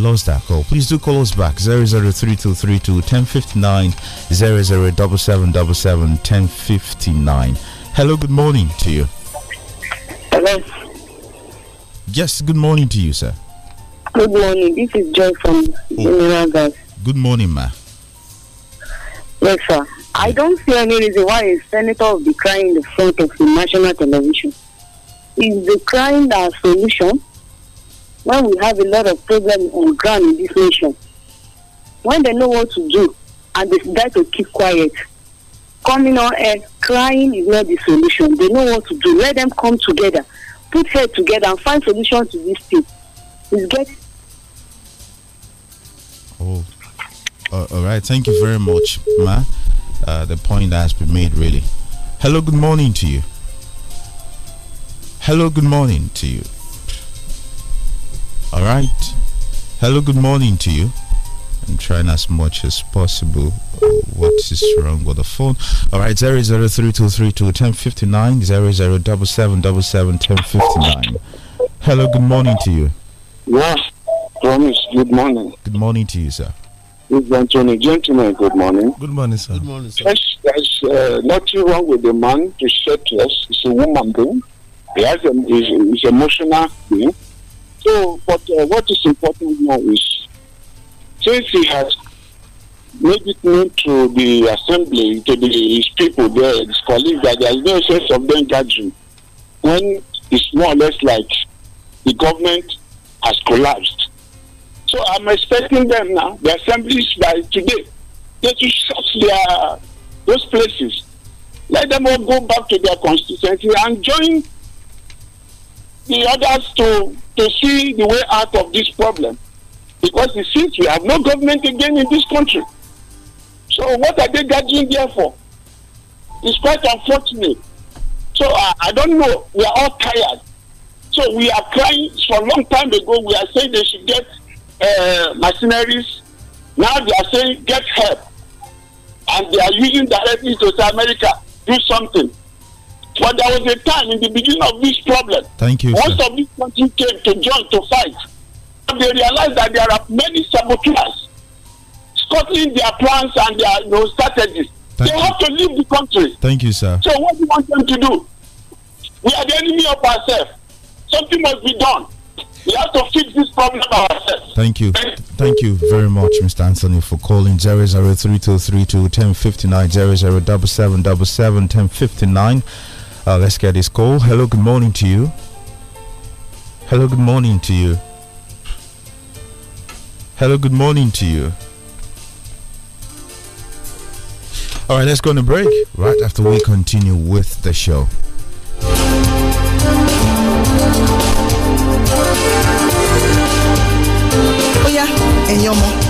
lost that call. Please do call us back 003232 1059 00777 1059. Hello, good morning to you. Hello. Yes, good morning to you, sir. Good morning. This is Joy from oh. General Gas. Good morning, ma. Yes, sir. I don't see any reason why a senator will be crying in the front of the national television. Is the crying the solution? when we have a lot of problems on ground in this nation when they know what to do and they decide to keep quiet coming on and crying is not the solution they know what to do let them come together put head together and find solution to this thing it's getting. oh uh, all right thank you very much ma uh, the point that has been made really hello good morning to you hello good morning to you all right. Hello, good morning to you. I'm trying as much as possible. What is wrong with the phone? All nine zero zero double seven double seven ten fifty nine. Hello, good morning to you. Yes, promise, good morning. Good morning to you, sir. Good Anthony. Gentlemen, good morning. Good morning, sir. Good morning, sir. There's, there's uh, nothing wrong with the man to say to us. It's a woman thing. He has a, it's, it's emotional thing so, but uh, what is important now is since he has made it known to the assembly, to the, his people there, his colleagues, that there is no sense of them gathering when it's more or less like the government has collapsed. So I'm expecting them now, the assemblies by today, they to shut their those places. Let them all go back to their constituency and join the others to to see the way out of this problem because it seems we have no government again in this country. So what are they gathering there for? It's quite unfortunate. So I, I don't know. We are all tired. So we are crying for a long time ago. We are saying they should get uh, mercenaries. Now they are saying get help. And they are using directly to South America. Do something. But there was a time in the beginning of this problem. Thank you. Most sir. of these people came to join to fight. And they realized that there are many saboteurs scuttling their plans and their you know, strategies. Thank they you. have to leave the country. Thank you, sir. So what do you want them to do? We are the enemy of ourselves. Something must be done. We have to fix this problem ourselves. Thank you. Thank you very much, Mr. Anthony, for calling 003232 1059 007777 1059. Uh, let's get this call. Hello, good morning to you. Hello, good morning to you. Hello, good morning to you. All right, let's go on a break. Right after we continue with the show. Oh yeah, and your mom.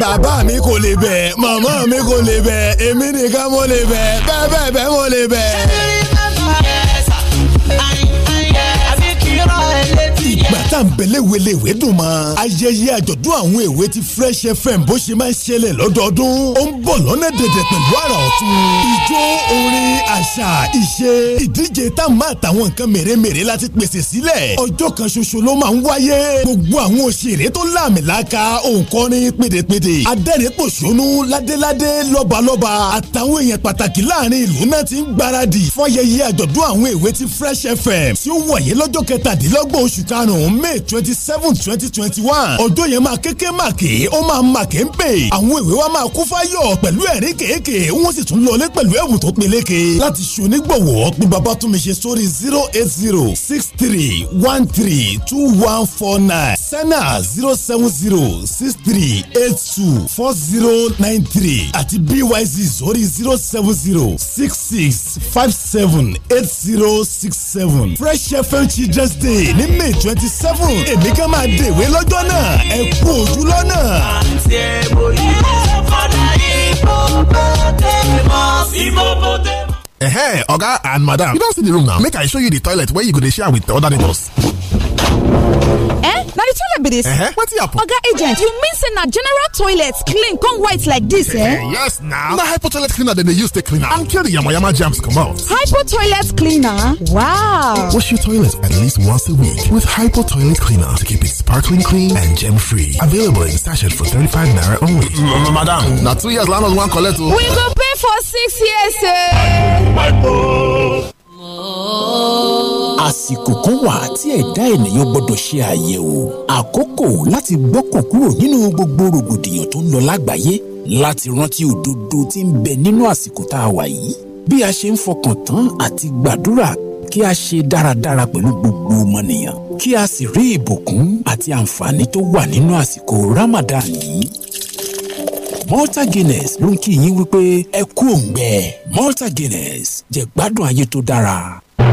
bàbá mi kò lè bẹ̀ màmá mi kò lè bẹ̀ èmi nìkan mo lè bẹ̀ bẹ́ẹ̀ bẹ́ẹ̀ bẹ́ẹ̀ mo lè bẹ̀. ṣé kí n rí ẹ̀fà ẹ̀sà àyìn àyìn àbí kí n rọ ẹ̀lẹ́ gbàtà ń bẹ̀lẹ̀ wele ìwé dùn mọ́. ayẹyẹ àjọ̀dún àwọn èwe ti Fresh FM bó ṣe máa ń ṣẹlẹ̀ lọ́dọọdún ó ń bọ̀ lọ́nà dẹ̀dẹ̀ pẹ̀lú àrà ọ̀tun. ijó orin àṣà ìṣe ìdíje táwọn àtàwọn nǹkan mèremère láti pèsè sílẹ̀ ọjọ́ kan ṣoṣo ló máa ń wáyé gbogbo àwọn òṣèré tó láàmìlàaka òǹkọrin pèdèpèdè adẹ́rìnpòṣónú ládéládé lọ́balọ́ba àtàwọn èèyàn pàtàkì láàrin ìlú náà ti ń gbáradì fọ́yẹyẹ àjọ̀dún àwọn èwe ti Fresh FM tí ó wáyé lọ́jọ́ kẹtàdínlọ́gbọ̀n oṣù karùn karùn may twenty seven twenty twenty one ọjọ́ yẹn máa kéké màkì ó máa màkì ń pè àwọn ìwé wa máa kún fáyọ̀ pẹ̀lú ẹ̀rí kéèké wọ́n sì tún lọlé pẹ̀lú ẹ̀bùn tó peléke láti ṣonígbọ̀wọ́ pé bàbá tún mi ṣe sórí zero eight zero six three one three two one four nine sena zero seven zero six three eight two four zero nine three àti byz sórí zero seven zero six six five seven eight zero six seven fresh fm children's day ní may twenty twenty seven èmi kan máa dèwé lọ́jọ́ náà ẹ kú ojú lọ́nà. àǹtí ẹ̀ bòyí fọ́nà ìbò bọ́tẹ́ mọ́ sí bọ́tẹ́. Hey, Oga and Madam, you don't see the room now. Make I show you the toilet where you could share with the other neighbors. Eh? na di toilet be this. Uh-huh. wetin happen. oga agent you mean say na general toilet clean come white like this, eh, eh yes na na hypo toilet cleaner dem dey use take clean am and kill di yamayama germs comot hypo toilet cleaner wow wash your toilet at least once a week with hypo toilet cleaner to keep it sparkling clean and germ free available in sachet for 35 naira only madam na two years landlord wan collect o oh. we go pay for six years eh àsìkò kan wà tí ẹ̀dá ènìyàn gbọ́dọ̀ ṣe àyẹ̀wò àkókò láti gbọ́kàn kúrò nínú gbogbo rògbòdìyàn tó ń lọ lágbàáyé láti rántí òdodo tí ń bẹ nínú àsìkò tá a wà yìí bí a ṣe ń fọkàn tán àti gbàdúrà kí a ṣe dáradára pẹ̀lú gbogbo ọmọnìyàn kí a sì rí ìbùkún àti àǹfààní tó wà nínú àsìkò Ramadan yìí Malta Guinness ló ń kí yín wípé ẹ kú òǹgbẹ Malta Guinness jẹ gbádùn ayé tó dára.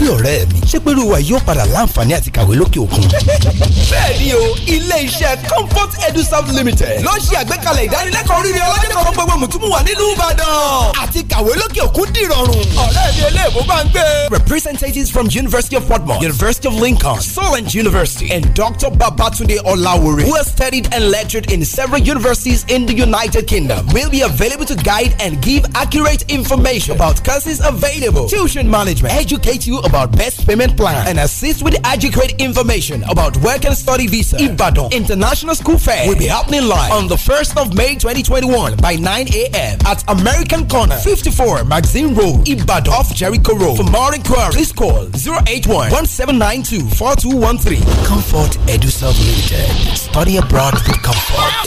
Túndé ọ̀rẹ́ mi ṣé pẹ̀lú wa yóò padà láǹfààní àti kàwé lókè òkun. bẹ́ẹ̀ni o ilé iṣẹ́ Comfort Edu South Limited ló ṣe àgbékalẹ̀ ìdánilẹ́kọ̀ọ́ rírì ọlọ́jọ́ kan gbogbo mùtúmùwà nílùú Ìbàdàn àti kàwé lókè òkun dìrọ̀rùn. ọ̀rẹ́ mi eléèbó bá ń gbé. Representatives from University of Portmore, University of Lincoln, Solent University, and Dr. Babatunde Olawore, who has studied and lectured in several universities in the United Kingdom, will be available to guide and give accurate information about courses available, tuition management, educate you about about best payment plan and assist with adequate information about work and study visa. Ibadan International School Fair will be happening live on the 1st of May 2021 by 9 a.m. at American Corner, 54 Magazine Road, Ibadan off Jericho Road. For more inquiries, please call 081 1792 4213. Comfort Self Limited. Study abroad with comfort.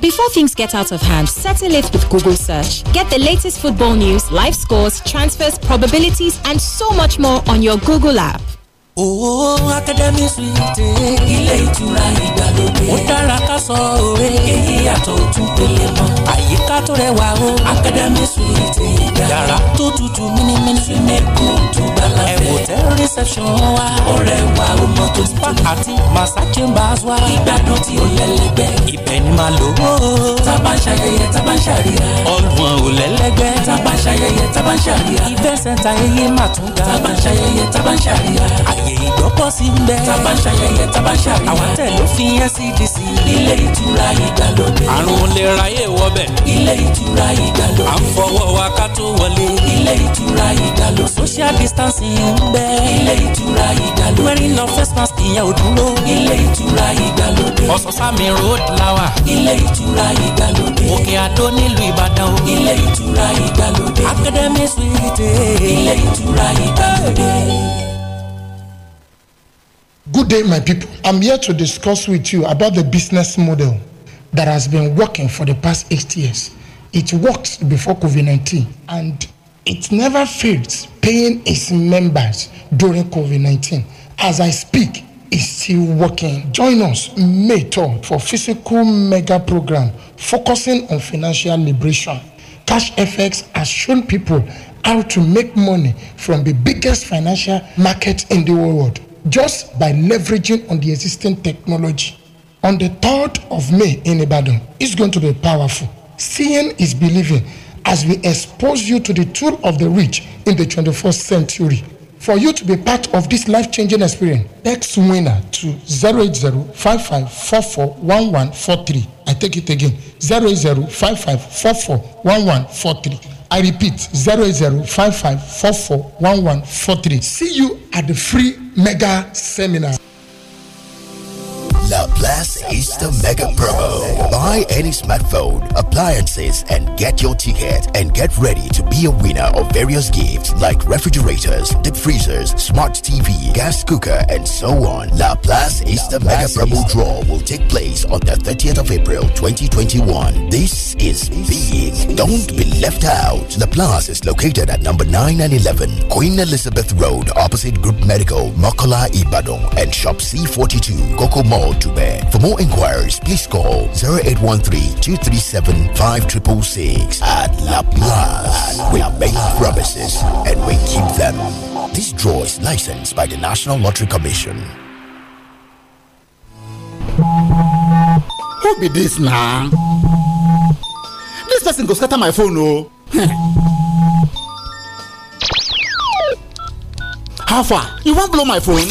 Before things get out of hand, settle it with Google Search. Get the latest football news, live scores, transfers, probabilities, and so much more on your Google app. oh, Suite. Ilé ìtura ìgbàlódé. Ó dára ká sọ òwe. Èyí yàtọ̀ mọ́. Àyíká tó rẹwà o. Suite Yàrá tó tutù mímímí. Súnmẹ́kù tó reception wa. ọ̀rẹ́ wa ó mọ tó ti tó. spa àti massa chambers wa. ìgbádùn tí ó lẹ́lẹ́gbẹ́. ibẹ̀ ni màá lò. tábà ń ṣayẹyẹ tábà ń ṣàríyá. ọ̀gbun ò lẹ́lẹ́gbẹ́. tábà ń ṣayẹyẹ tábà ń ṣàríyá. event center eye máa tún ga. tábà ń ṣayẹyẹ tábà ń ṣàríyá. àyè ìgbọ́kọ̀ sí ń bẹ. tábà ń ṣayẹyẹ tábà ń ṣàríyá. àwọn tẹ̀ ló fi NCDC. E ilé ìtura ìgbàlódé. àrùn lè ráyè wọbẹ̀. ilé ìtura ìgbàlódé. à ń fọwọ́ wa ká tó wọlé. ilé ìtura ìgbàlódé. social distancing ń bẹ ilé ìtura ìdàlódé. wearing love first mask ìyẹn ò dúró. ilé ìtura ìdàlódé. ọ̀sán-sámi road lawa. ilé ìtura ìdàlódé. òkè àdó nílùú ìbàdàn ilé ìtura ìdàlódé. academy suite. ilé ìtura ìdàlódé. Good day, my people. I'm here to discuss with you about the business model that has been working for the past eight years. It worked before COVID 19 and It never failed paying its members during COVID 19. As I speak, is still working. Join us May 3rd for physical mega program focusing on financial liberation. Cash FX has shown people how to make money from the biggest financial market in the world just by leveraging on the existing technology. On the 3rd of May in Ibadan, it's going to be powerful. Seeing is believing as we expose you to the tool of the rich in the 21st century. For you to be part of this life changing experience, text winner to 08055441143. I take it again 08055441143. I repeat 08055441143. See you at the free mega seminar. La Blast is the mega promo. Buy any smartphone, appliances, and get your ticket and get ready to be a winner of various gifts like refrigerators, deep freezers, smart TV, gas cooker, and so on. La Place is the mega promo draw will take place on the 30th of April 2021. This is big. Don't be left out. La Place is located at number 9 and 11 Queen Elizabeth Road, opposite Group Medical, Mokola Ibadan, and Shop C42, Coco Mall for more inquiries, please call 0813-237-5666 at La Plus. We make promises and we keep them. This draw is licensed by the National Lottery Commission. Who be this now? This person go scatter my phone oh. how far you won't blow my phone?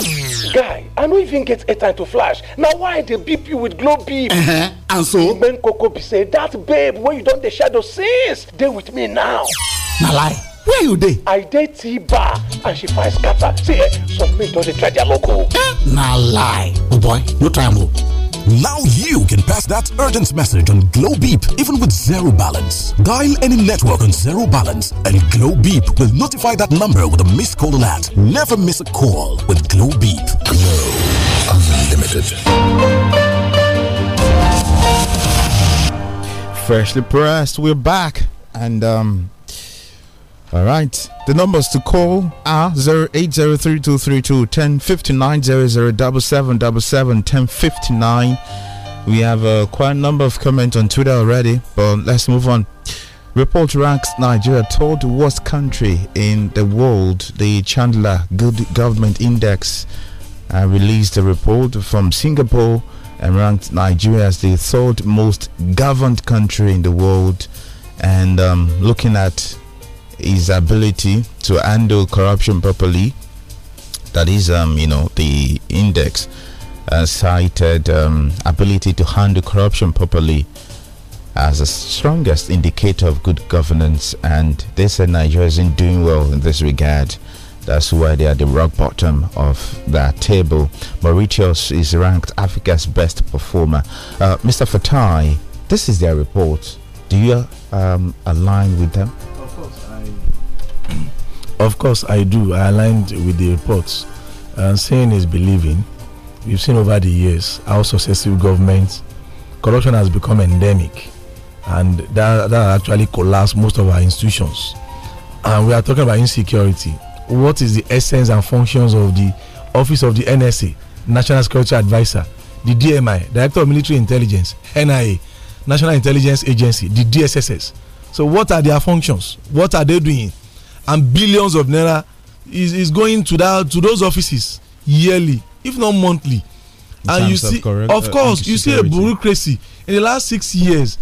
guy I no even get airtime to flash. Now why they beep you with glow beep? Uh-huh. And so? When Coco be say, that babe where you done the shadow since, they with me now. Na lie. Where you dey? I dey T-Bar and she find scatter. See, some men don dey try their local. Eh, na lie. Oh boy, no time. am o. Now you can pass that urgent message on Glow Beep even with zero balance. Dial any network on zero balance and Glow Beep will notify that number with a missed call alert. Never miss a call with Glow Beep. Glow Unlimited. Freshly pressed, we're back. And um, all right. The numbers to call are 0803232 We have uh, a quite number of comments on Twitter already, but let's move on. Report ranks Nigeria third worst country in the world. The Chandler Good Government Index uh, released a report from Singapore and ranked Nigeria as the third most governed country in the world. And um, looking at his ability to handle corruption properly. That is, um, you know, the index uh, cited um, ability to handle corruption properly as the strongest indicator of good governance. And they said Nigeria isn't doing well in this regard. That's why they are the rock bottom of that table. Mauritius is ranked Africa's best performer. Uh, Mr. Fatai, this is their report. Do you um, align with them? Of course, I do. I aligned with the reports. And seeing is believing. We've seen over the years how successive governments, corruption has become endemic. And that, that actually collapsed most of our institutions. And we are talking about insecurity. What is the essence and functions of the Office of the NSA, National Security Advisor, the DMI, Director of Military Intelligence, NIA, National Intelligence Agency, the DSSS? So, what are their functions? What are they doing? and billions of naira is is going to that to those offices yearly if not monthly and you see of, of uh, course uh, you see a bureaucracy in the last six years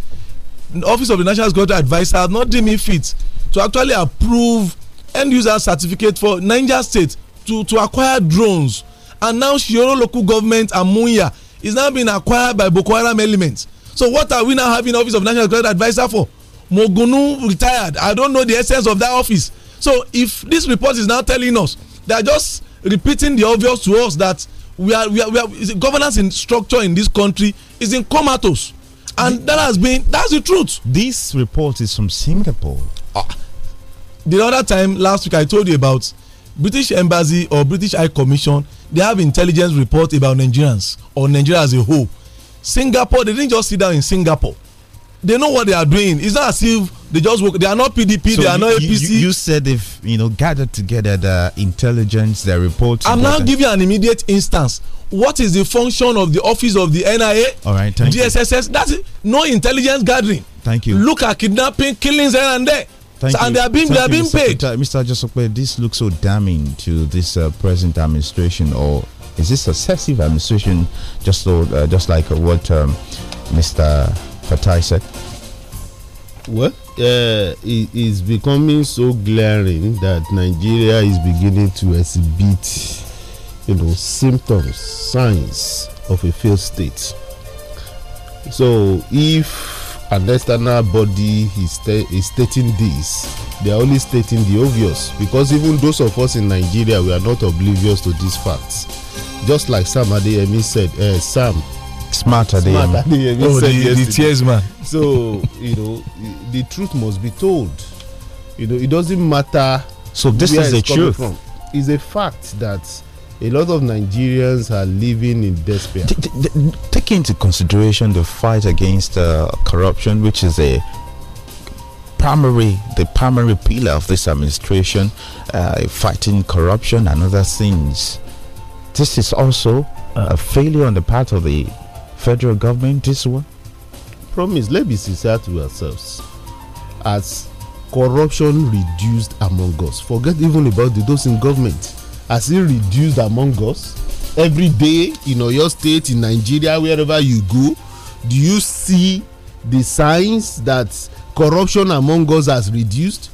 the office of the national security adviser have not deemed it fit to actually approve end user certificate for niger state to to acquire drones and now shioro local government and is now being acquired by boko haram elements so what are we now having office of national security adviser for mogunu retired i don't know the essence of that office so if this report is now telling us they are just repeating the obvious to us that we are we are, we are governance in structure in this country is in comatose and the, that has been that's the truth. this report is from singapore. Ah. the other time last week i told you about british embassy or british high commission they have intelligence report about nigerians or nigeria as a whole singapore they didn't just sit down in singapore they know what they are doing. It's not as if they just work. They are not PDP. So they are you, not APC. You, you, said they've you know gathered together the intelligence, the reports. I'm now giving an immediate instance. What is the function of the office of the NIA? All right, thank DSSS. You. That's it. no intelligence gathering. Thank you. Look at kidnapping, killings here and there. Thank so, and they are being, they are being Mr. paid. Mr. Joseph, this looks so damning to this uh, present administration, or is this successive administration? Just so, uh, just like what um, Mr. Fatai said? Well, uh, it is becoming so glaring that Nigeria is beginning to exhibit, you know, symptoms, signs of a failed state. So, if an external body is, is stating this, they are only stating the obvious because even those of us in Nigeria, we are not oblivious to these facts. Just like Sam Adeyemi said, uh, Sam smarter, smarter than the, oh, the, the tears man. So you know, the truth must be told. You know, it doesn't matter. So this is the truth. From. It's a fact that a lot of Nigerians are living in despair. taking into consideration the fight against uh, corruption, which is a primary the primary pillar of this administration, uh, fighting corruption and other things. This is also uh. a failure on the part of the federal government this one? Promise, let's be sincere to ourselves. As corruption reduced among us, forget even about the, those in government. As it reduced among us, every day in your State, in Nigeria, wherever you go, do you see the signs that corruption among us has reduced?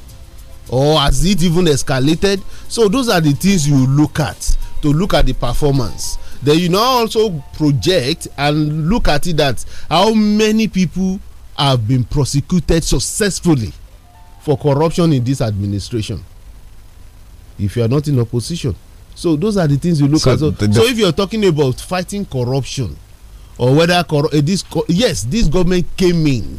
Or has it even escalated? So, those are the things you look at to look at the performance then you now also project and look at it that how many people have been prosecuted successfully for corruption in this administration if you are not in opposition so those are the things you look so at so, so if you are talking about fighting corruption or whether cor uh, this co yes this government came in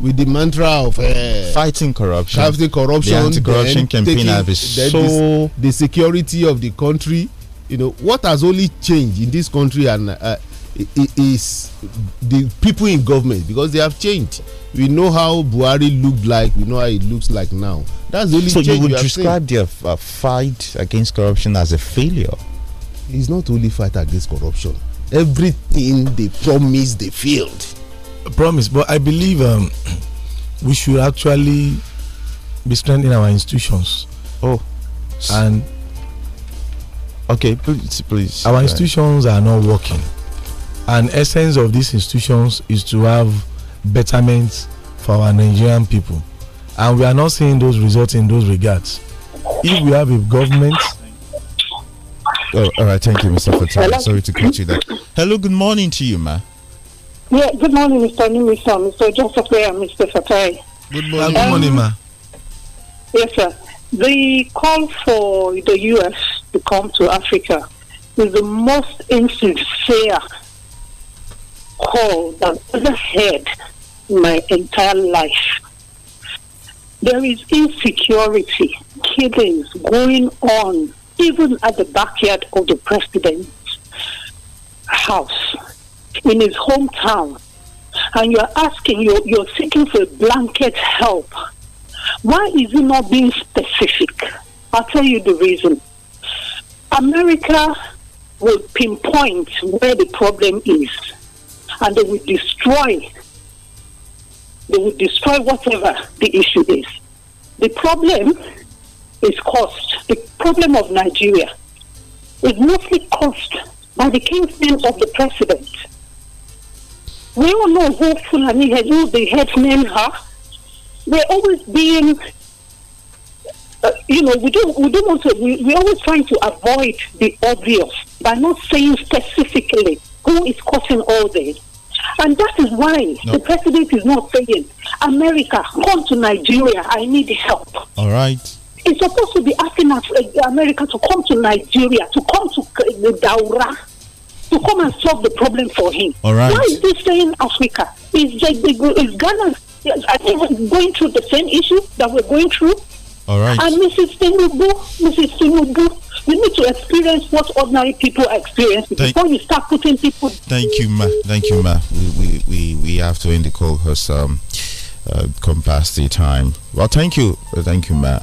with the mantra of uh, fighting corruption, fighting corruption, the anti-corruption campaign so the security of the country, you know what has only changed in this country and uh, is the people in government because they have changed we know how buhari looked like we know how it looks like now that's the only so you would you describe seen. their uh, fight against corruption as a failure it's not only fight against corruption everything they promised they failed promise but i believe um, we should actually be strengthening our institutions oh and Okay, please, please. Our institutions are not working, and essence of these institutions is to have betterment for our Nigerian people, and we are not seeing those results in those regards. If we have a government. Oh, all right. Thank you, Mr. Fatah. Sorry to cut you there. Hello. Good morning to you, ma. Yeah. Good morning, Mr. Nimison, Mr. Joseph, and Mr. Fatai. Good morning. Um, good morning, ma. Yes, sir. The call for the US to come to Africa is the most insincere call that I've ever heard in my entire life. There is insecurity, killings going on, even at the backyard of the president's house in his hometown. And you're asking, you're, you're seeking for blanket help why is it not being specific? I'll tell you the reason. America will pinpoint where the problem is and they will destroy they will destroy whatever the issue is. The problem is cost. The problem of Nigeria is mostly caused by the kingsmen of the president. We all know who Fulani who the headmen are we're always being uh, you know, we don't we don't want to. We, we're always trying to avoid the obvious by not saying specifically who is causing all this. And that is why no. the president is not saying, America, come to Nigeria, I need help. All right. he's supposed to be asking uh, America to come to Nigeria, to come to uh, the Daura, to come and solve the problem for him. All right. Why is he saying Africa? Is, is Ghana I think we're going through the same issue that we're going through. All right. And Mrs. Tinubu, Mrs. Tinubu, we need to experience what ordinary people experience thank, before you start putting people. Thank you, ma. Thank you, ma. We we we, we have to end the call because um, uh, come past the time. Well, thank you, uh, thank you, ma.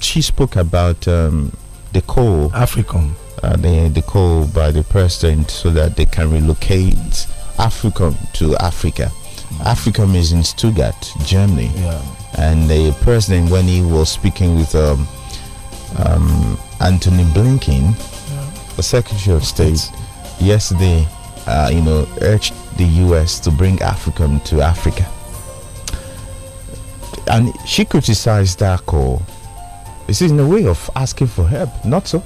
She spoke about um, the call, African, uh, the the call by the president so that they can relocate African to Africa. Africom is in Stuttgart, Germany. Yeah. And the president, when he was speaking with um, um, Anthony Blinken, yeah. the Secretary of State, yesterday, uh, you know, urged the U.S. to bring Africom to Africa. And she criticized that call. This is in a way of asking for help, not so?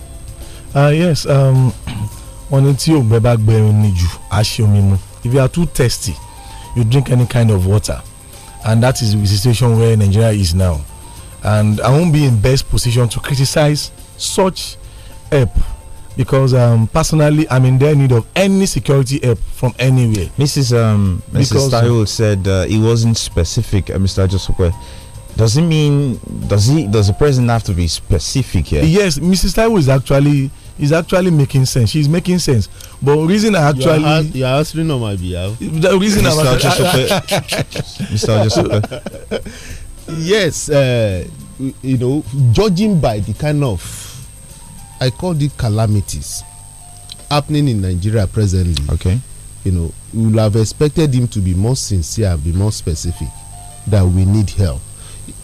Uh, yes. Um, if you are too testy, you drink any kind of water. And that is the situation where Nigeria is now. And I won't be in best position to criticize such help because um, personally I'm in their need of any security help from anywhere. Mrs. Um, Mrs. Style uh, said uh, it wasn't specific, uh, Mr. Joseph. Does it mean does he does the president have to be specific here? Yes, Mrs. Taiwo is actually is actually making sense she's making sense but reason I actually you are, you are answering on my behalf the reason Mr. I'm Mr. Josepe yes uh, you know judging by the kind of I call it calamities happening in Nigeria presently okay you know we would have expected him to be more sincere and be more specific that we need help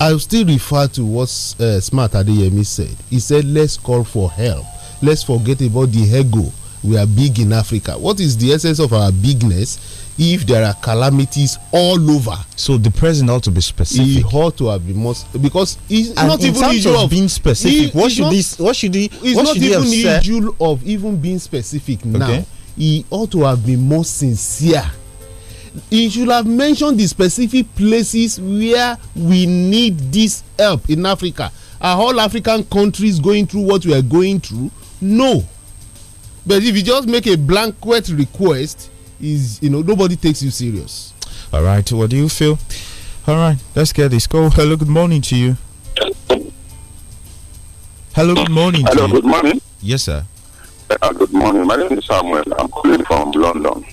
i still refer to what uh, smart adeyemi said he said let's call for help let's forget about the ego we are big in africa what is the essence of our bigness if there are calamities all over. so the president ought to be specific. he ought to have been more because it's and not even issue of, being specific. He, what, should not, this, what should he? It's what not should even he have issue of even being specific okay. now. He ought to have been more sincere. He should have mentioned the specific places where we need this help in Africa. Are all African countries going through what we are going through? No. But if you just make a blanket request, is you know nobody takes you serious. All right. What do you feel? All right. Let's get this. Go. Hello. Good morning to you. Hello. Good morning. Hello. good you. morning. Yes, sir. Uh, good morning. My name is Samuel. I'm calling from London.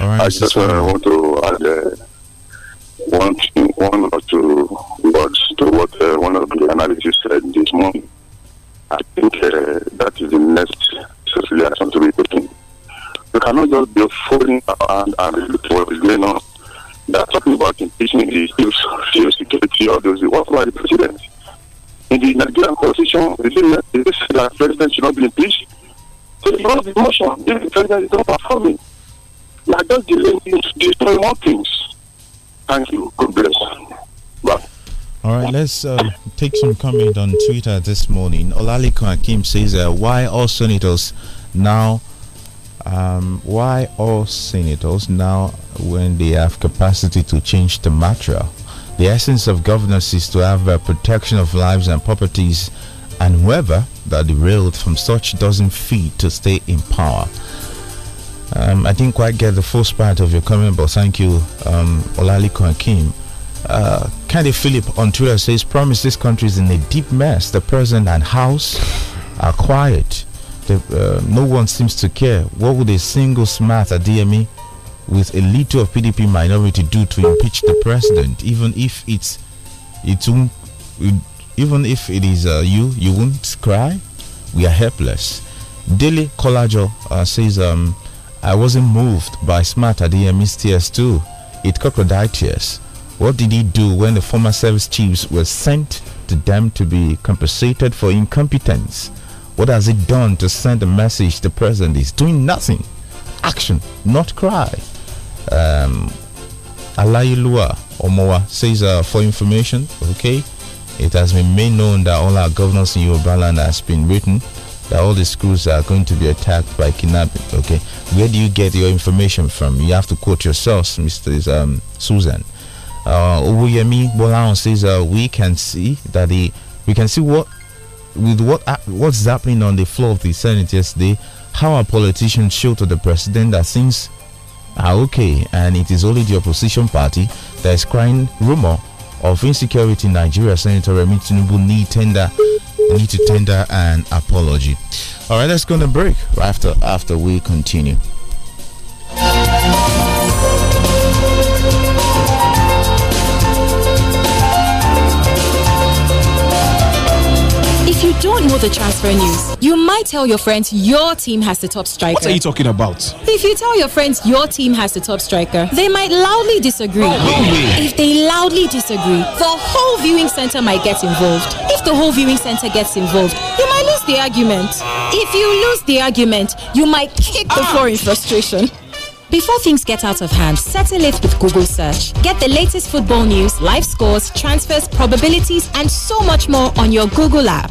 All right. I just uh, want to add uh, one, one or two words to what uh, one of the analysts said this morning. I think uh, that is the next solution to be taken. We cannot just be folding and, and look what is going on. They are talking about impeachment the fuel security of those what about the president? In the Nigerian constitution, they say that president should not be impeached. So they lost the motion if the president is not performing. They are just delaying things, destroying more things. Thank you. God bless. Bye. All right, let's uh, take some comment on Twitter this morning. Olaliko Akim says, uh, "Why all senators now? Um, why all senators now when they have capacity to change the matter? The essence of governance is to have a uh, protection of lives and properties, and whoever that derailed from such doesn't fit to stay in power." Um, I didn't quite get the first part of your comment, but thank you, um, Olaliko Akim. Uh, Candy Philip on Twitter says, "Promise this country is in a deep mess. The president and House are quiet. The, uh, no one seems to care. What would a single smart at DME with a little of PDP minority do to impeach the president? Even if it's it won't, even if it is uh, you, you won't cry. We are helpless." Daily Collajo uh, says, um, "I wasn't moved by smart at DME's tears too. It crocodile tears." What did he do when the former service chiefs were sent to them to be compensated for incompetence? What has he done to send a message the president is doing nothing? Action, not cry. Um, Alayilua Omowa says uh, for information, okay, it has been made known that all our governors in your land has been written that all the schools are going to be attacked by kidnapping. Okay, where do you get your information from? You have to quote your source, Mr. Um, Susan uh, Obuyemi Bolaon says uh, we can see that the we can see what with what uh, what's happening on the floor of the Senate yesterday, how our politicians show to the president that things are okay and it is only the opposition party that is crying rumor of insecurity in Nigeria. Senator Remi Tinubu need tender need to tender an apology. All right, let's go on a break after after we continue. don't know the transfer news, you might tell your friends your team has the top striker. What are you talking about? If you tell your friends your team has the top striker, they might loudly disagree. Oh, really? If they loudly disagree, the whole viewing center might get involved. If the whole viewing center gets involved, you might lose the argument. If you lose the argument, you might kick the ah! floor in frustration. Before things get out of hand, settle it with Google Search. Get the latest football news, live scores, transfers, probabilities, and so much more on your Google app.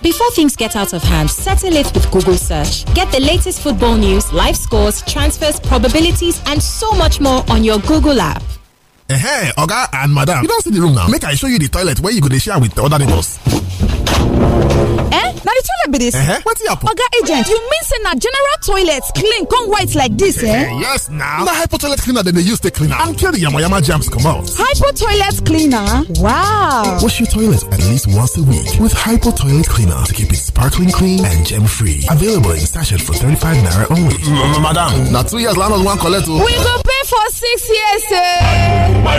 Before things get out of hand, settle it with Google Search. Get the latest football news, live scores, transfers, probabilities, and so much more on your Google app. Hey, Oga and Madam, you don't see the room now. Make I show you the toilet where you could share with the other neighbors eh na the toilet be dis uh-huh. wetin happen. oga agent you mean say na general toilets clean come white like this? eh uh-huh. yes now. na hypo toilet cleaner dem they use to clean am and kill Yama jams come out. hypo toilet cleaner wow wash your toilet at least once a week with hypo toilet cleaner to keep it sparkling clean and gem free available in sachet for 35 naira only madam now two years land wan one o we go pay for six years eh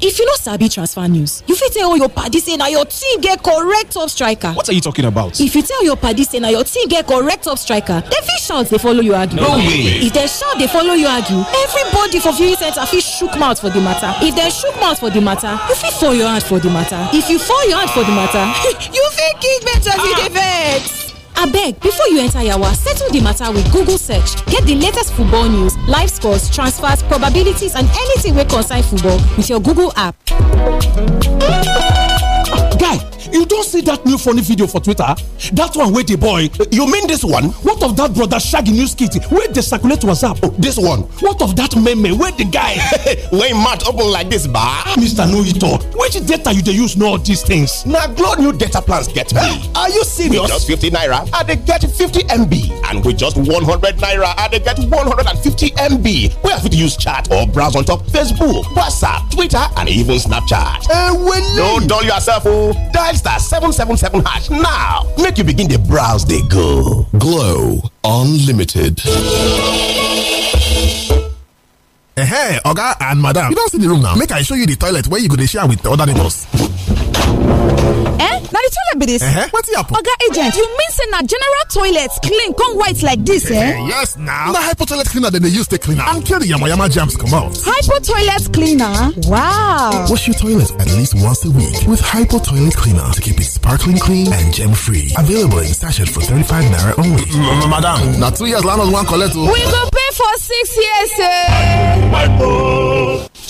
if you know sabi transfer news you fit in all your party say now your team get correct top striker. what are you talking about. if you tell your padi say your team get correct up striker dem fit shout they follow you argue. no way. if they shout they follow you argue everybody for viewing centre fit shook mouth for the matter. if they shook mouth for the matter you feel for your hand for the matter. if you fall your hand for the matter you feel kick better. as ah. you dey I beg, before you enter yawa settle the matter with google search get the latest football news live scores transfers probabilities and anything we concern football with your google app you don't see that new funny video for twitter that one with the boy you mean this one what of that brother shaggy news kit Where dey circulate whatsapp oh this one what of that meme Where the guy Where mouth open like this ba. mr no it which data you dey use know all these things. Now, glo new data plans get me. are you serious. with just fifty naira i dey get fifty mb and with just one hundred naira i dey get one hundred and fifty mb Where have fit use chat or browse on top facebook whatsapp twitter and even snapchat. Don't dull yourself oh. dial star 777 hash now make you begin the browse they go. Glow Unlimited. Hey, oga and madam you don't see the room now make i show you the toilet where you go share with other neighbors eh na the toilet be this. What's uh-huh. what e happen. oga agent you mean say na general toilet clean come white like this, eh, eh yes na na hypo toilet cleaner than they use take clean am and kill the yamayama come out. hypo toilet cleaner wow wash your toilet at least once a week with hypo toilet cleaner to keep it sparkling clean and gem free available in sachet for 35 naira only madam now two years lanos wan collect oh. we go pay for six years eh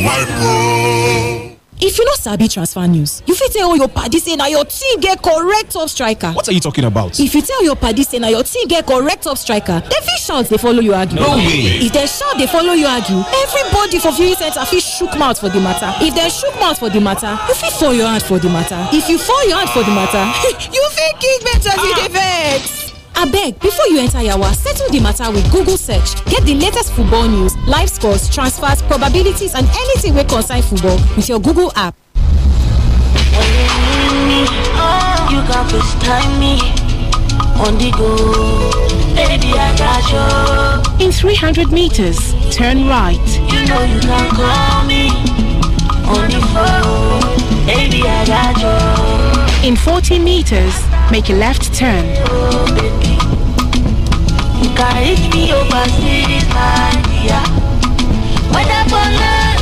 Oh. if you not sabi transfer news you fit tell all your paddy say na your team get correct top striker what are you talking about if you tell your paddy say na your team get correct top striker dem fit shout they follow you argue no way if they shout they follow you argue everybody for viewing centre fit shook mouth for the matter if they shook mouth for the matter you fit fall your hand for the matter if you fall your hand for the matter you fit kick me as you dey abeg before you enter yawa settle the matter with google search get the latest football news live scores transfers probabilities and anything wey concern football with your google app. you me on the go. Baby, I got you. In 300 meters, turn right. You know you can call me on the phone. Baby, I got you. In 40 meters, make a left turn. Oh,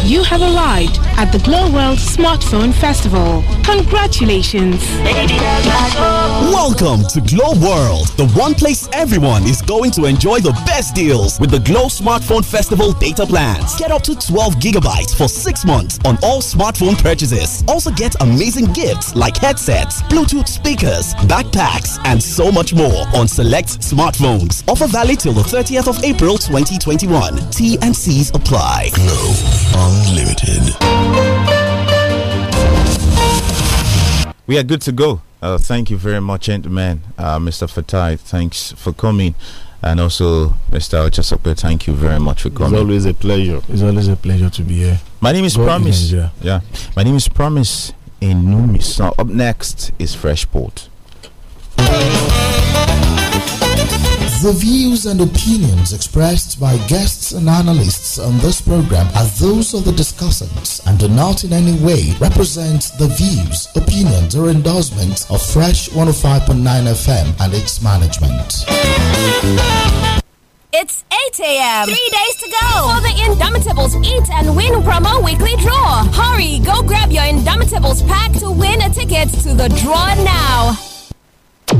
you have arrived at the Glow World Smartphone Festival. Congratulations! Welcome to Glow World, the one place everyone is going to enjoy the best deals with the Glow Smartphone Festival data plans. Get up to 12 gigabytes for six months on all smartphone purchases. Also get amazing gifts like headsets, Bluetooth speakers, backpacks, and so much more on select smartphones. Offer valid till the 30th of April 2021. T and C's apply. Glow Unlimited. We are good to go. Uh, thank you very much, gentlemen. Uh, Mr. Fatai, thanks for coming. And also, Mr. Ochasope, thank you very much for coming. It's always a pleasure. It's always a pleasure to be here. My name is Promise. Yeah. My name is Promise Inumis. Now, up next is Freshport. The views and opinions expressed by guests and analysts on this program are those of the discussants and do not in any way represent the views, opinions, or endorsements of Fresh 105.9 FM and its management. It's 8 a.m. Three days to go for the Indomitables Eat and Win promo weekly draw. Hurry, go grab your Indomitables pack to win a ticket to the draw now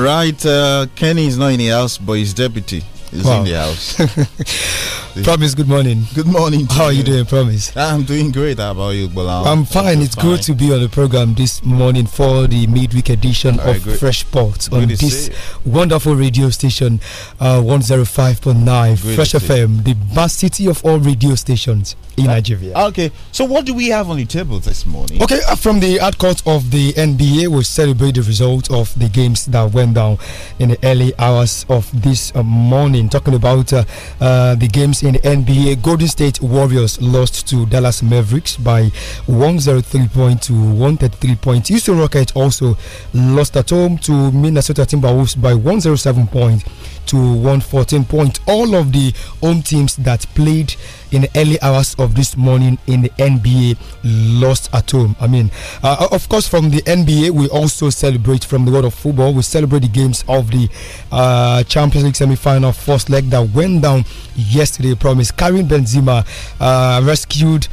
right. Uh, Kenny is not in the house, but his deputy is in the house. Promise, good morning. Good morning. How are you doing, Promise? I'm doing great. How about you, Bola? I'm fine. It's fine. good to be on the program this morning for the midweek edition right, of great. Fresh Port on this wonderful radio station, uh, 105.9 Fresh FM, the best city of all radio stations in uh, Nigeria. Okay, so what do we have on the table this morning? Okay, uh, from the ad court of the NBA, we celebrate the result of the games that went down in the early hours of this uh, morning. Talking about the games in in the NBA, Golden State Warriors lost to Dallas Mavericks by 103 points to 133 points. Houston Rockets also lost at home to Minnesota Timberwolves by 107 points to 114 points. All of the home teams that played in the early hours of this morning in the NBA lost at home. I mean, uh, of course, from the NBA, we also celebrate from the world of football. We celebrate the games of the uh, Champions League semi-final first leg that went down yesterday. Promise, Karim Benzema uh, rescued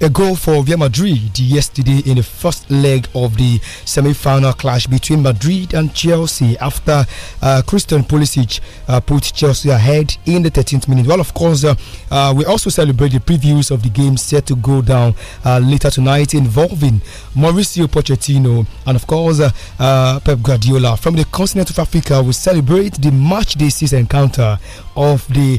a goal for Real Madrid yesterday in the first leg of the semi-final clash between Madrid and Chelsea after uh, Christian Pulisic uh, put Chelsea ahead in the 13th minute. Well, of course, uh, uh, we also celebrate the previews of the game set to go down uh, later tonight involving Mauricio Pochettino and, of course, uh, Pep Guardiola. From the continent of Africa, we celebrate the match day six encounter of the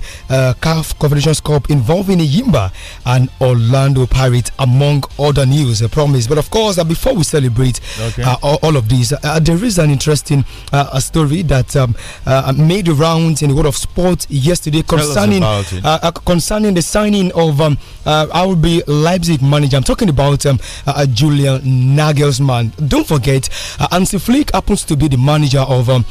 CAF Confederations Cup involving Yimba and Orlando Edo Pirates, among other news, I promise. But of course, uh, before we celebrate okay. uh, all, all, of these, uh, there is an interesting uh, story that um, uh, made the rounds in the world of sport yesterday concerning uh, uh, concerning the signing of um, RB Leipzig manager. I'm talking about um, Julian Nagelsmann. Don't forget, uh, Hansi Flick happens to be the manager of um,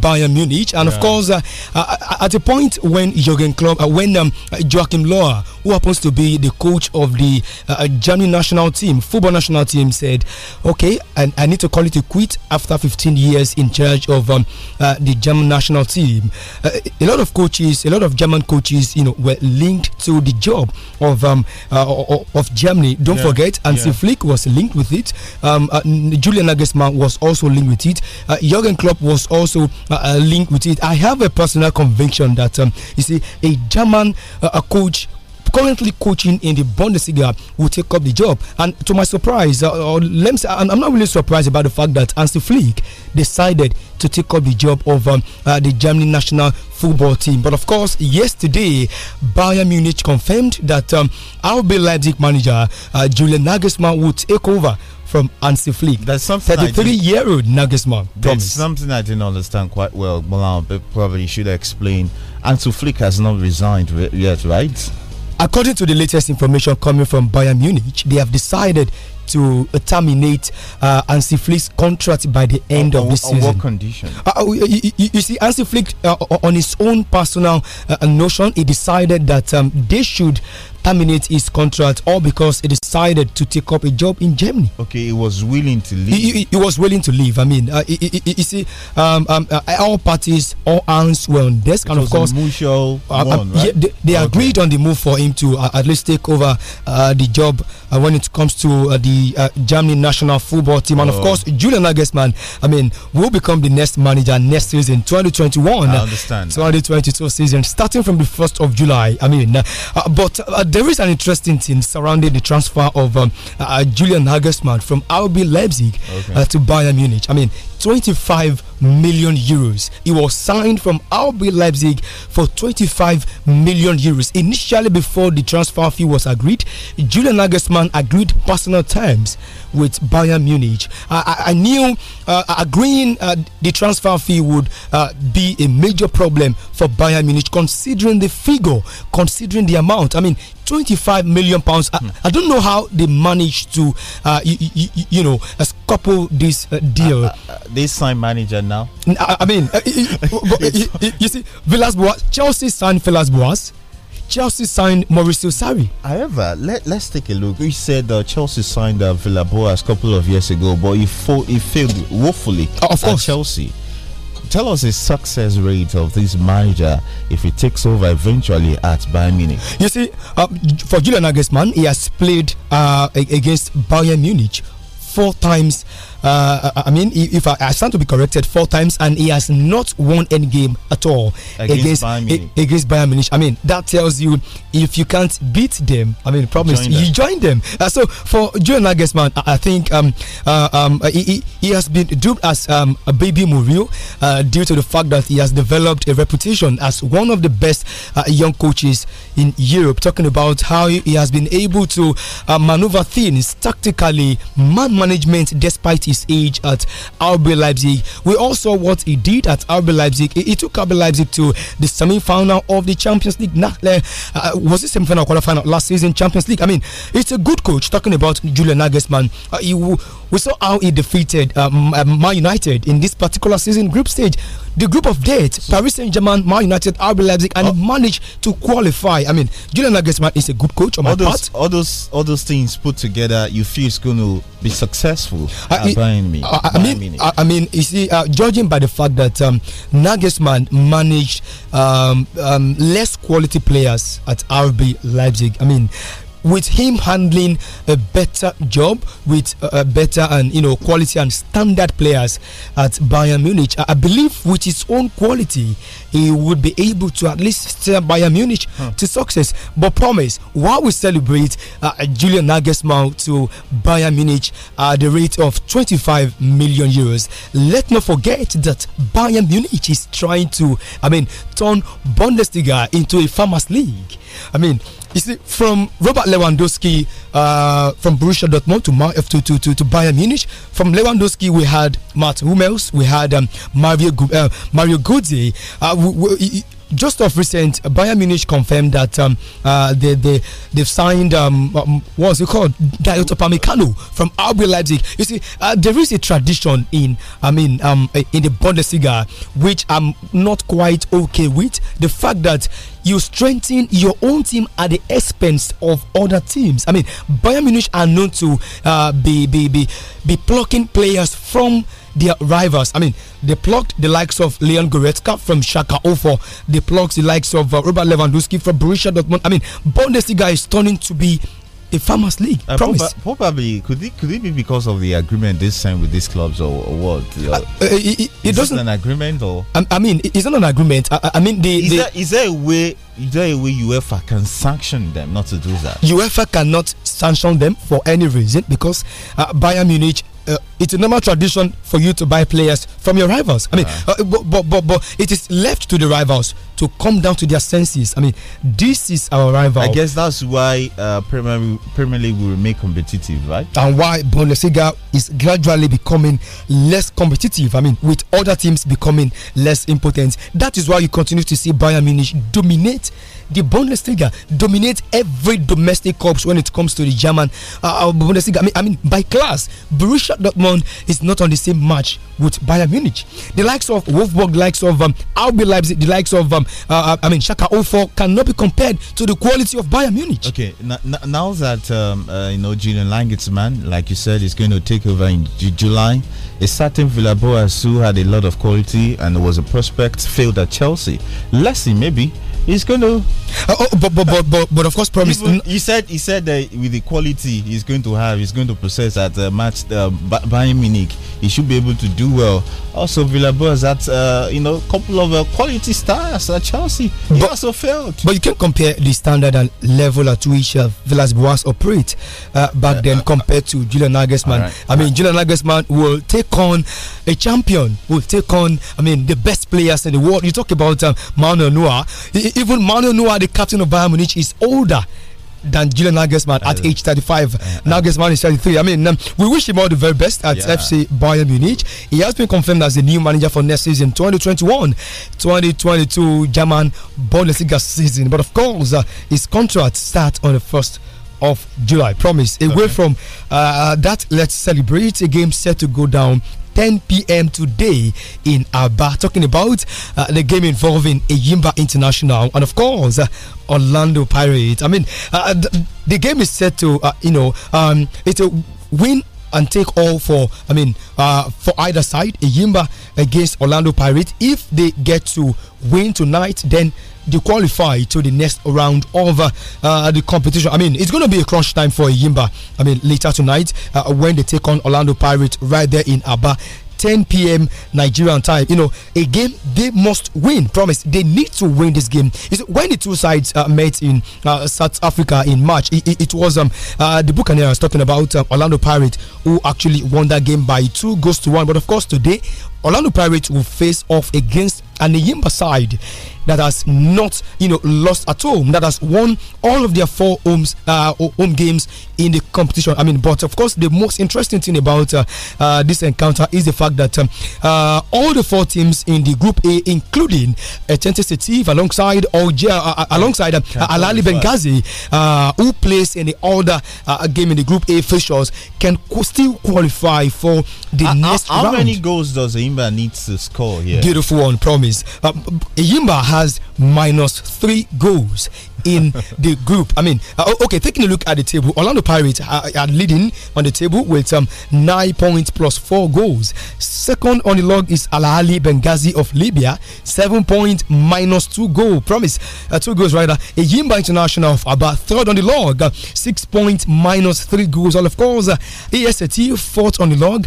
Bayern Munich, and yeah. of course, at a point when Jurgen Klopp, when um, Joachim Löw who happens to be the coach of the uh, German national team, football national team, said, "Okay, and I, I need to call it a quit after 15 years in charge of um, uh, the German national team." Uh, a lot of coaches, a lot of German coaches, you know, were linked to the job of um, uh, of Germany. Don't yeah. forget, Hansi yeah. Flick was linked with it. Um, uh, Julian Nagelsmann was also linked with it. Uh, Jurgen Klopp was also linked with it. I have a personal conviction that um, you see a German uh, a coach currently coaching in the Bundesliga, will take up the job. And to my surprise, uh, uh let me say, I'm not really surprised about the fact that Ansi Flick decided to take up the job of um, uh, the Germany national football team. But of course, yesterday, Bayern Munich confirmed that um, RB Leipzig manager uh, Julian Nagelsmann would take over from Ansi Flick. That's something 33 year old Nagelsmann. That's something I didn't understand quite well. But I probably should explain. Ansi Flick has not resigned yet, right? According to the latest information coming from Bayern Munich, they have decided to uh, terminate uh, Ansi Flick's contract by the end on, of this season. On what condition? Uh, uh, you, you, you, see, Ansi Flick, uh, on his own personal uh, notion, he decided that um, they should terminate his contract all because he decided to take up a job in Germany. Okay, he was willing to leave. He, he, he was willing to leave. I mean, uh, you see, um, um, uh, all parties, all hands were on desk, and of course, mutual uh, uh one, right? yeah, they, they okay. agreed on the move for him to uh, at least take over uh, the job when it comes to the Germany national football team, and oh. of course, Julian Nagelsmann. I mean, will become the next manager next season, 2021. I understand. 2022 season, starting from the first of July. I mean, but there is an interesting thing surrounding the transfer of um, uh, Julian Nagelsmann from RB Leipzig okay. uh, to Bayern Munich. I mean, 25 million euros. He was signed from RB Leipzig for 25 million euros. Initially, before the transfer fee was agreed, Julian Nagelsmann agreed personal terms with Bayern Munich. I, I, I knew uh, agreeing uh, the transfer fee would uh, be a major problem for Bayern Munich, considering the figure, considering the amount. I mean, 25 million pounds. I, hmm. I, don't know how they managed to, uh, you, you, you know, uh, couple this uh, deal. Uh, uh they sign manager now. I, I mean, uh, you, you, see, Villas Boas, Chelsea signed Villas Boas. Chelsea signed Mauricio Sarri. However, let, let's take a look. We said uh, Chelsea signed uh, Villa Boas a couple of years ago, but he, fo- he failed woefully uh, of course. Chelsea. Tell us the success rate of this manager if he takes over eventually at Bayern Munich. You see, uh, for Julian Nagelsmann, he has played uh, against Bayern Munich four times uh, I mean, if I, I, stand to be corrected, four times, and he has not won any game at all against against Bayern Munich. I mean, that tells you if you can't beat them, I mean, promise you join them. Uh, so for Julian Nagelsmann, I, I think um, uh, um, he, he, has been dubbed as um, a baby Mourinho uh, due to the fact that he has developed a reputation as one of the best uh, young coaches in Europe. Talking about how he has been able to uh, maneuver things tactically, man management, despite his age at RB Leipzig. We all saw what he did at RB Leipzig. He, he took RB Leipzig to the semi final of the Champions League. Nah, uh, was it semi final or quarter-final last season? Champions League. I mean, it's a good coach. Talking about Julian Nagelsmann, uh, he, we saw how he defeated um, uh, Man United in this particular season group stage the group of death, Paris Saint Germain, Man United, RB Leipzig, and uh, managed to qualify. I mean, Julian Nagelsmann is a good coach on all my those, part. All those, all those things put together, you feel it's going to be successful I, it, uh, Bayern Munich. I, I mean, I, I, mean, you see, uh, judging by the fact that um, Nagelsmann managed um, um, less quality players at RB Leipzig, I mean, with him handling a better job with uh, uh, better and you know quality and standard players at Bayern Munich. I, I believe with his own quality, he would be able to at least steer Bayern Munich huh. to success. But promise, while we celebrate uh, Julian Nagelsmann to Bayern Munich at the rate of 25 million euros, let not forget that Bayern Munich is trying to, I mean, turn Bundesliga into a farmers league. I mean, you see, from Robert Lewandowski, uh, from Borussia Dortmund to, uh, to, to, to, to Bayern Munich, from Lewandowski we had Matt Hummels, we had um, Mario, uh, Mario Götze, uh, just of recent, Bayern Munich confirmed that um, uh, they, they, they've signed, um, um, what's it called? Dioto Pamecano from RB Leipzig. You see, uh, there is a tradition in, I mean, um, in the Bundesliga, which I'm not quite okay with. The fact that you strengthen your own team at the expense of other teams. I mean, Bayern Munich are known to uh, be, be, be, be plucking players from their rivals. I mean, they plucked the likes of Leon Goretzka from Schalke 04. They plucked the likes of uh, Robert Lewandowski from Borussia Dortmund. I mean, Bundesliga is turning to be a farmers league. Uh, promise. probably could it could it be because of the agreement they signed with these clubs or, or what? uh, uh, it, it doesn't an agreement or I, um, I, mean it's not an agreement. I, I mean the, is, the there, is there a way is there a way UEFA can sanction them not to do that? UEFA cannot sanction them for any reason because uh, Bayern Munich uh, it's a normal tradition for you to buy players from your rivals. I mean, uh-huh. uh, but, but, but, but it is left to the rivals to come down to their senses. I mean, this is our rival. I guess that's why uh, Premier, Premier League will remain competitive, right? And why Bundesliga is gradually becoming less competitive. I mean, with other teams becoming less important. That is why you continue to see Bayern Munich dominate the Bundesliga, dominate every domestic cups when it comes to the German uh, uh Bundesliga. I mean, I mean, by class, Borussia Dortmund is not on the same match with Bayern Munich. The likes of Wolfsburg, likes of um, RB Leipzig, the likes of um, um, uh, I mean, Shaka 04 cannot be compared to the quality of Bayern Munich. Okay, now, now that um, uh, you know Julian man, like you said, is going to take over in July. A certain Villaboas who had a lot of quality and was a prospect failed at Chelsea. Leslie maybe He's going to. Uh, oh, but, but, but, but, but of course, promise. He, said he said that with the quality he's going to have, he's going to possess at uh, match uh, Bayern Munich, he should be able to do well. Also, Villabos has uh, you know a couple of uh, quality stars at Chelsea. But, also failed. But you can compare the standard and level at which uh, Villas Boas operate uh, back then compared to Julian Nagelsmann. Right. I mean, Julian Nagelsmann will take on a champion, will take on I mean the best players in the world. You talk about um, Manuel Noah. He, even Manuel Noah, the captain of Bayern Munich, is older than Julian Nagelsmann at age 35. uh, Nagelsmann is 33. I mean, um, we wish him all the very best at yeah. FC Bayern Munich. He has been confirmed as the new manager for next season, 2021-2022 German Bundesliga season. But of course, uh, his contract starts on the first of July. Promise. Away okay. from uh, uh that, let's celebrate a game set to go down 10 p.m. today in Aba. Talking about uh, the game involving Eyimba International and, of course, uh, Orlando Pirates. I mean, uh, uh the, the, game is set to, uh, you know, um, it's a win and take all for I mean uh, for either side Yimba against Orlando Pirates if they get to win tonight then they qualify to the next round of uh, uh the competition. I mean, it's going to be a crunch time for Yimba. I mean, later tonight uh, when they take on Orlando Pirates right there in Aba. 10 p.m. Nigerian time. You know, a game they must win. Promise, they need to win this game. It's when the two sides uh, met in uh, South Africa in March, it, it, it was um, uh, the Buccaneers talking about um, Orlando Pirates who actually won that game by two goals to one. But of course, today Orlando Pirates will face off against an Yimba side that has not, you know, lost at home, that has won all of their four homes, uh, home games in the competition. I mean, but of course, the most interesting thing about uh, uh, this encounter is the fact that um, uh, all the four teams in the Group A, including Etente Setif, alongside uh, uh, Algeria, alongside Alali Benghazi, who plays in the other game in the Group A officials, can still qualify for the next how round. How many goals does Imba need to score here? Beautiful one, promise. Um, Imba has minus three goals in the group. I mean, uh, okay, taking a look at the table, Orlando Pirates are, are leading on the table with um, nine points plus four goals. Second on the log is Al Ahly Benghazi of Libya, seven points minus two goal. Promise, uh, two goals rather. A Yimba International of third on the log, uh, six points minus three goals. All of course, uh, ASAT fourth on the log,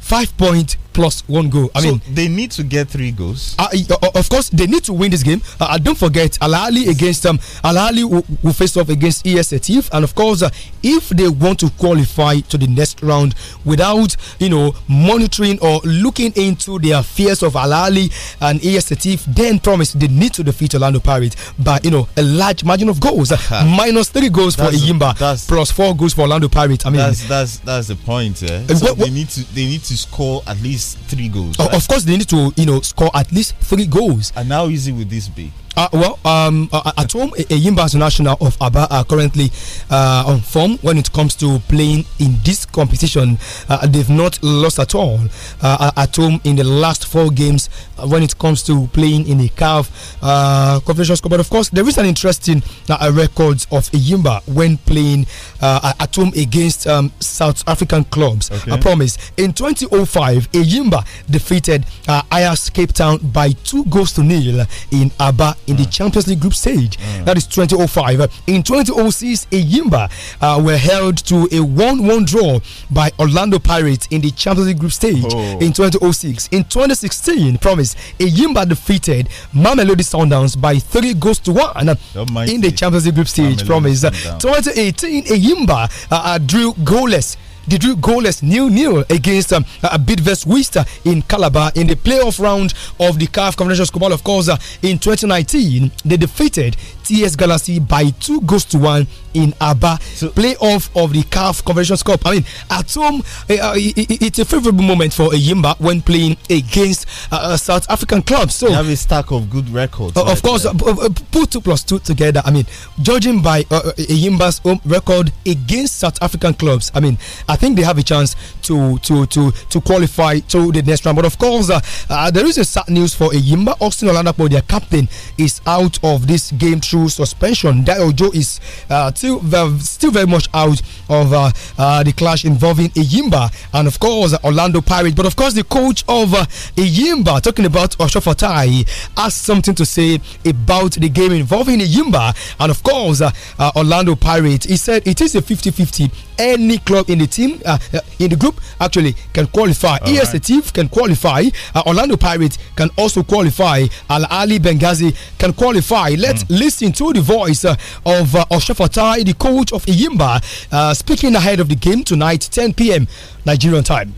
five point plus one goal. I so mean, they need to get three goals. Uh, of course, they need to win this game. Uh, don't forget, Al Ali against um, Al Ali will, will face off against ESATF, and of course, uh, if they want to qualify to the next round without you know monitoring or looking into their fears of Al Ali and ESATF, then promise they need to defeat Orlando Pirates by you know a large margin of goals, uh, minus three goals that's for Iyimba, plus four goals for Orlando Pirates. I mean, that's that's that's the point. Eh? Uh, so what, what, they need to they need to score at least three goals. right? Of course, they need to you know score at least three goals. And how easy would this be? Uh, well, um, uh, uh at home, a, a Yimbas national of Aba are uh, currently uh, on form when it comes to playing in this competition. Uh, they've not lost at all at home in the last four games when it comes to playing in the CAF uh, Confederations Cup. But of course, there is an interesting record of a Yimba when playing at home against um, South African clubs. Okay. I promise. In 2005, a Yimba defeated uh, Ayers Cape Town by two goals to nil in Aba in mm. the Champions League group stage. Mm. That is 2005. In 2006, Eyimba uh, were held to a 1 1 draw by Orlando Pirates in the Champions League group stage oh. in 2006. In 2016, promise, Eyimba defeated Mamelodi Sundowns by 3 goals to 1 in the Champions League group stage. promise. 2018, Eyimba uh, uh, drew goalless the two goalless nil nil against um, bit uh, Bidvest Wista uh, in Calabar in the playoff round of the CAF Confederations Cup. Of course, uh, in 2019, they defeated TS Galaxy by two goals to one in Aba. So, Playoff of the CAF Convention Cup. I mean, at home, uh, eh, eh, it, it's a favorable moment for a Yimba when playing against uh, uh, South African clubs. So, they have a stack of good records. Uh, right uh, of course, put two plus two together. I mean, judging by uh, uh Yimba's home record against South African clubs, I mean, I think they have a chance to to to to qualify to the next round. But of course, there is a sad news for a Yimba. Austin Oladapo, their captain, is out of this game through suspension. Dio Joe is uh, still, uh, still very much out of uh, uh, the clash involving Iyimba and, of course, uh, Orlando Pirates. But, of course, the coach of uh, Iyimba, talking about Oshofatai, has something to say about the game involving Iyimba and, of course, Orlando Pirates. He said it is a 50 50 any club in the team uh, in the group actually can qualify. All ES right. can qualify. Uh, Orlando Pirates can also qualify. Al Ali Benghazi can qualify. Let's mm. listen listening to the voice uh, of uh, Oshafatai, the coach of Iyimba, uh, speaking ahead of the game tonight, 10 p.m. Nigerian time.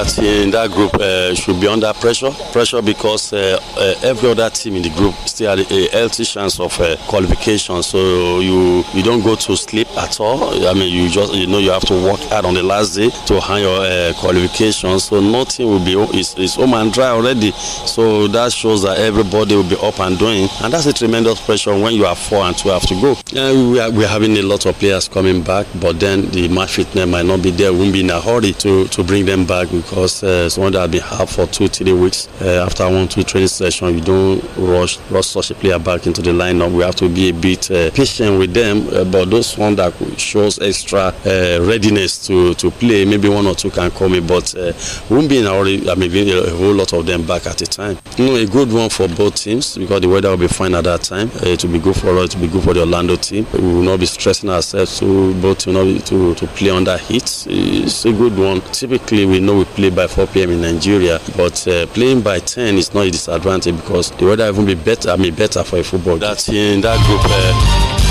that in that group uh, should be under pressure. Pressure because uh, uh, every other team in the group still had a healthy chance of uh, qualification. So you you don't go to sleep at all. I mean, you just you know you have to work hard on the last day to have your uh, qualification. So nothing will be is is home and dry already. So that shows that everybody will be up and doing, and that's a tremendous pressure when you are four and two have to go. we are we're having a lot of players coming back, but then the match fitness might not be there. We won't be in a hurry to to bring them back because uh, it's one that I've been hard for two, three weeks. Uh, after one, two training session, you don't rush, rush such a player back into the lineup. We have to be a bit uh, patient with them. Uh, but those one that shows extra uh, readiness to, to play, maybe one or two can come in, but uh, won't be in a hurry. I mean, a, whole lot of them back at a time. You know, a good one for both teams because the weather will be fine at that time. it will be good for us. It will be good for the Orlando team. We will not be stressing ourselves to both know, to, to play under heat. It's a good one. Typically, we know we play play by 4 p.m. in Nigeria, but uh, playing by 10 is not a disadvantage because the weather even be better. I mean, better for a football. That's in that group. Uh,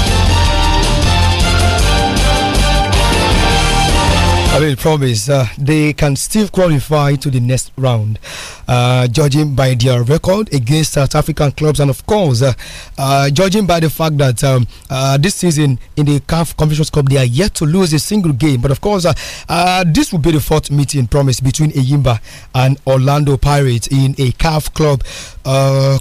I mean, promise uh, they can still qualify to the next round, uh, judging by their record against South African clubs, and of course, uh, uh judging by the fact that um, uh, this season in the CAF Confederations Cup they are yet to lose a single game. But of course, uh, this will be the fourth meeting, promise, between Eyimba and Orlando Pirates in a CAF club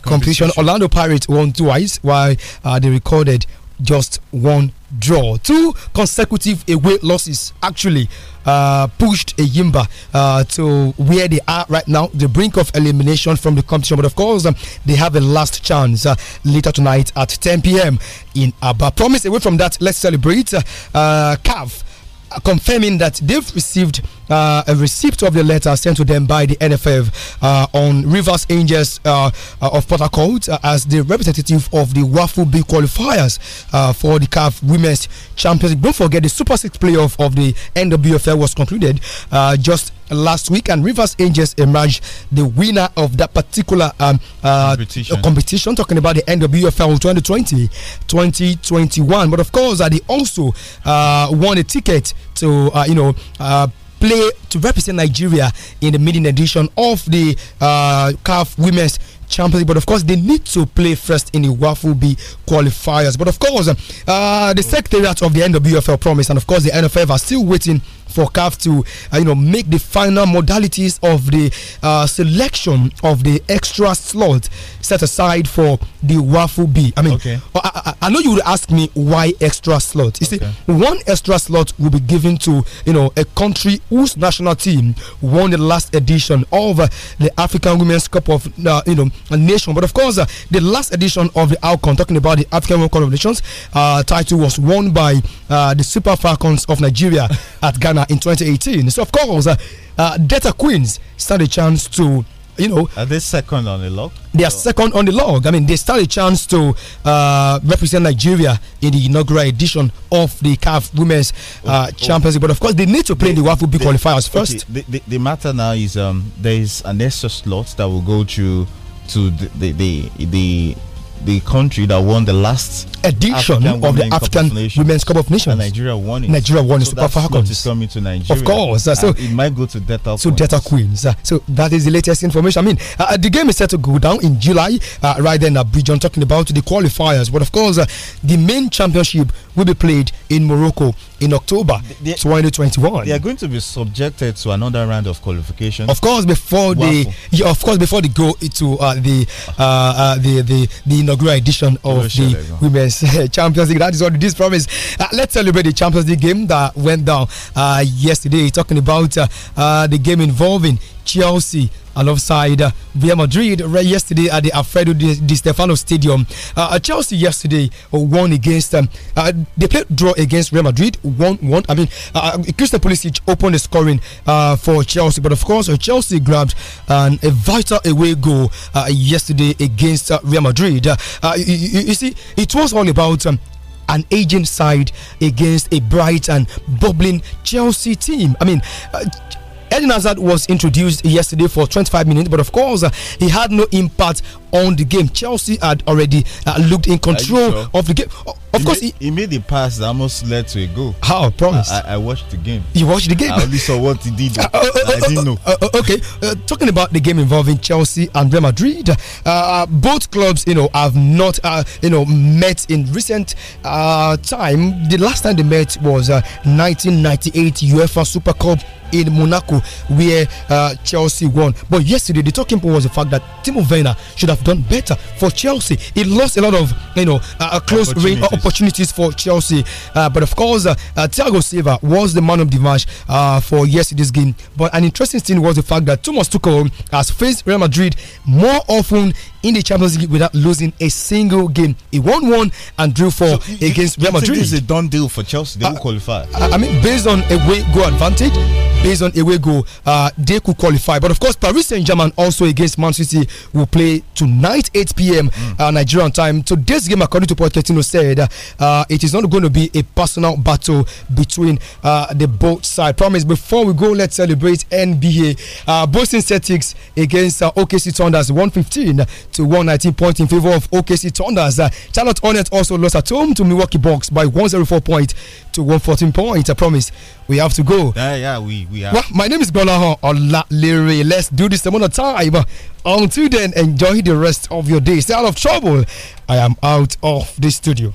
competition. Orlando Pirates won twice, while they recorded just one draw. Two consecutive away losses actually uh, pushed a uh, to where they are right now, the brink of elimination from the competition. But of course, um, they have a last chance uh, later tonight at 10 p.m. in Abba. Promise away from that, let's celebrate uh, uh CAF uh, confirming that they've received uh, a receipt of the letter sent to them by the NFF uh, on Rivers Angels uh, uh of Port Harcourt uh, as the representative of the Waffle B qualifiers uh, for the CAF Women's Championship. Don't forget the Super Six playoff of the NWFL was concluded just last week, and Rivers Angels emerged the winner of that particular um, competition. competition. Talking about the NWFL 2020 2021, but of course, they also won a ticket to you know play to represent Nigeria in the maiden edition of the uh, CAF Women's Champions League. But of course, they need to play first in the Waffle B qualifiers. But of course, uh, the secretariat of the NWFL promised, and of course, the NFF are still waiting for CAF to uh, you know make the final modalities of the uh, selection of the extra slot set aside for the Wafu B. I mean, okay. Uh, I, I, I, know you would ask me why extra slot. You okay. see, one extra slot will be given to you know a country whose national team won the last edition of uh, the African Women's Cup of uh, you know a nation. But of course, uh, the last edition of the outcome talking about the African Women's Cup of Nations title was won by the Super Falcons of Nigeria at Ghana. Ghana in 2018. So of course, uh, uh, Delta Queens stand a chance to you know. Are they second on the log? They are second on the log. I mean, they stand a chance to uh, represent Nigeria in the inaugural edition of the CAF Women's uh, oh, oh. Champions League. But of course, they need to play they, the WAFU B qualifiers first. the, the, the, matter now is um, there is an extra slot that will go to to the the, the, the the country that won the last edition African of the African Cup Women's Cup of Nations. And Nigeria won it. Nigeria won so Super Falcons. Is coming to Nigeria. Of course. Uh, so it might go to Delta. To so Delta Queens. Uh, so that is the latest information. I mean, uh, uh the game is set to go down in July. Uh, right then, uh, Bridge on talking about the qualifiers, but of course, uh, the main championship will be played in Morocco in October they, 2021. They are going to be subjected to another round of qualification. Of course, before Waffle. the yeah, of course before they go to uh, the, uh, uh, the the the inaugural edition of sure the Women's Champions League. That is what this promise. Uh, let's celebrate the Champions League game that went down uh, yesterday. Talking about uh, the game involving Chelsea alongside uh, Real Madrid right yesterday at the Alfredo Di, Stefano Stadium. Uh, uh Chelsea yesterday uh, won against um, uh, they played draw against Real Madrid one one. I mean, uh, Christian Pulisic opened the scoring for Chelsea, but of course Chelsea grabbed um, a vital away goal yesterday against Real Madrid. You, you, you, see, it was all about. Um, an aging side against a bright and bubbling Chelsea team. I mean, uh, Eden Hazard was introduced yesterday for 25 minutes, but of course, uh, he had no impact on the game. Chelsea had already uh, looked in control sure? of the game. Of he course, made, he, he, made the pass that almost led to a goal. How? Ah, promise. I, I, watched the game. You watched the game. I only saw what he did. Uh, uh, I didn't oh, know. okay, uh, talking about the game involving Chelsea and Real Madrid, uh, both clubs, you know, have not, uh, you know, met in recent time. The last time they met was 1998 UEFA Super Cup in Monaco, where Chelsea won. But yesterday, the talking point was the fact that Timo Werner should have have done better for Chelsea. It lost a lot of you know uh, uh close opportunities. Range, opportunities for Chelsea, uh, but of course, uh, uh, Thiago Silva was the man of the match uh, for yesterday's game. But an interesting thing was the fact that Thomas Tuchel has faced Real Madrid more often in the Champions League without losing a single game. He won one and drew four so against Real Madrid. This is a done deal for Chelsea. They uh, will qualify. I, I, mean, based on a away goal advantage, based on a away goal, uh, they could qualify. But of course, Paris Saint Germain also against Man City will play tonight, 8 p.m. Mm. Uh, Nigerian time. Today's game, according to Pochettino, said uh, it is not going to be a personal battle between uh, the both sides. Promise. Before we go, let's celebrate NBA. Uh, Boston Celtics against uh, OKC Thunder, 115 to 119 points in favor of OKC Thunders. Uh, Charlotte Hornets also lost at home to Milwaukee Bucks by 104 points to 114 points. I promise we have to go. Yeah, yeah, we, we are. Well, my name is Bolahan Olalere. Let's do this another time. Until then, enjoy the rest of your day. Stay out of trouble. I am out of the studio.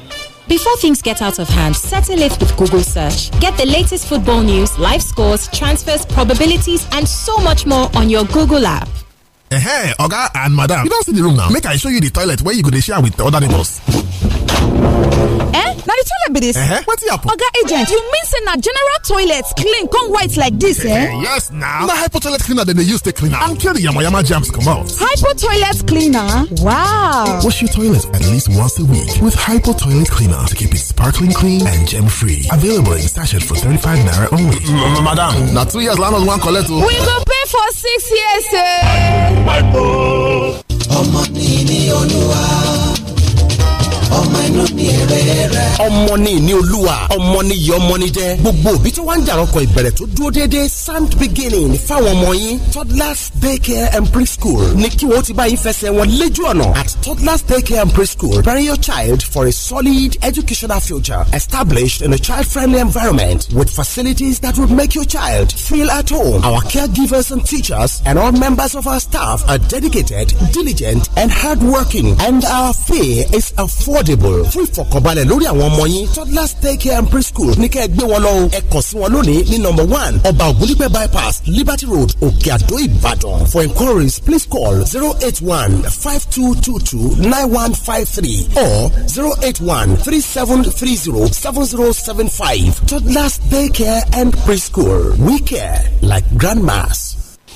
Before things get out of hand, settle it with Google Search. Get the latest football news, live scores, transfers, probabilities, and so much more on your Google app. Hey, Oga and Madam, you don't see the room now. Make I show you the toilet where you could share with the other neighbors. eh Now the toilet be this. eh, eh what e happen. oga agent you mean say na general toilets clean come white like this, eh, eh? eh yes now. na hypo toilet cleaner dem dey use take clean am and kill the yamayama come out. hypo toilet cleaner wow wash your toilet at least once a week with hypo toilet cleaner to keep it sparkling clean and germ free available in sachet for 35 naira only madam now two years land on one collect o oh. we go pay for six years eh pẹ̀lú. ọmọ mi ni olúwa. ọmọ inú mi rere rẹ. ọmọ ni ìní olúwa ọmọ ni ìyá ọmọ ni jẹ gbogbo òbí tí wọ́n ń jàrọ̀kọ̀ ìbẹ̀rẹ̀ tó dúró déédéé sound beginning fáwọn ọmọ yín toddlers daycare and preschool ní kí wọ́n ti bá yín fẹsẹ̀ wọn lójú ọ̀nà at toddlers daycare and preschool prepare your child for a solid educational future established in a child-friendly environment with facilities that would make your child feel at home. Our caregivers and teachers and all members of our staff are dedicated, diligent, and hardworking, and our fee is affordable affordable fún ìfọ̀kànbalẹ̀ lórí àwọn ọmọ yín toddlers take care and preschool ní kẹ́ ẹ gbé wọn lọ o ẹ kàn sí wọn lónìí ní number one ọba bypass liberty road òkè àdó ìbàdàn for inquiries please call zero eight one five two two two nine one five three or zero eight one three seven three zero seven zero seven five toddlers care and preschool we care like grandmas.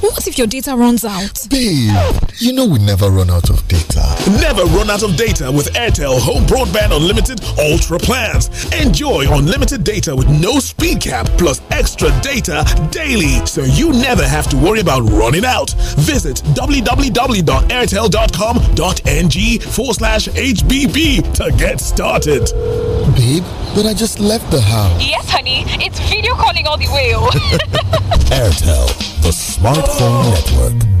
What if your data runs out? Babe, you know we never run out of data. Never run out of data with Airtel Home Broadband Unlimited Ultra plans. Enjoy unlimited data with no speed cap plus extra data daily so you never have to worry about running out. Visit www.airtel.com.ng forward slash HBB to get started. Babe, but I just left the house. Yes, honey. It's video calling all the way. Oh. Airtel, the smart Platform Network.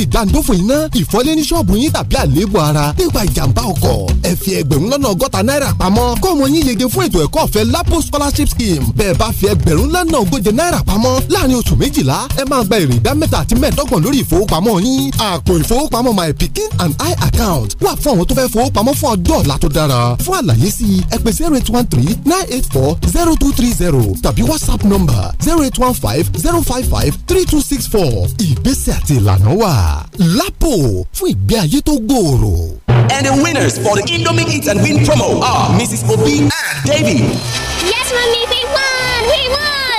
níbi ìdáǹdófò iná ìfọ́lé ní ṣọ́ọ̀bù yín tàbí àléébù ara nípa ìjàmbá ọkọ̀ ẹ fi ẹgbẹ̀rún lọ́nà ọgọ́ta náírà pamọ́ kọ́mọ yín yege fún ètò ẹ̀kọ́ ọ̀fẹ́ lapo scholarship scheme bẹ́ẹ̀ bá fi ẹgbẹ̀rún lọ́nà ogóje náírà pamọ́ láàrin oṣù méjìlá ẹ máa gba èrè ìdá mẹ́ta àti mẹ́ẹ̀ẹ́dọ́gbọ̀n lórí ìfowópamọ́ yín my pikin and i account wà fún àwọn tó fẹ́ fowópamọ́ fún ọjọ́ ọ̀la tó dára fún eight one three nine eight four zero two three zero tàbí whatsapp number zero eight one five zero five five three two six four ìgbésẹ̀ àti ìlànà wà. lápò fún ìgbé ayé tó gbòòrò. And the winners for the Indomie Eat and Win promo are Mrs. Obi and David. Yes, mommy, we won! We won!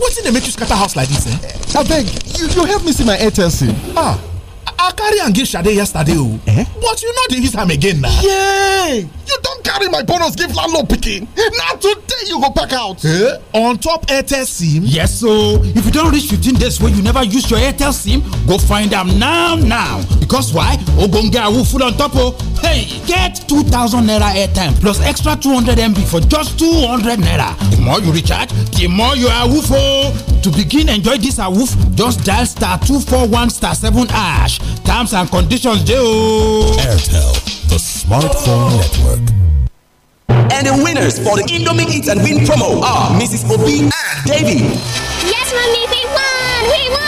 wetin dey make you scatter house like dis eh? abeg you you help me see my airtel sim. ah i carry and give shade yesterday oh. eh? but you know dey use again now. yay you don't carry my bonus gift landlord picking. Now today you go pack out. Eh? on top airtel sim. yes So if you don't reach fifteen days where you never use your airtel sim go find them now now because why get a full on top Oh, hey get two thousand naira airtime plus extra two hundred mb for just two hundred naira the more you recharge the more you woof. Oh. to begin enjoy this awoof just dial star two four one star seven ash terms and conditions dey o. airtel the smartphone network. And the winners for the Indomie Eat and Win promo are Mrs. Obi and Davy. Yes, mommy, we won! We won!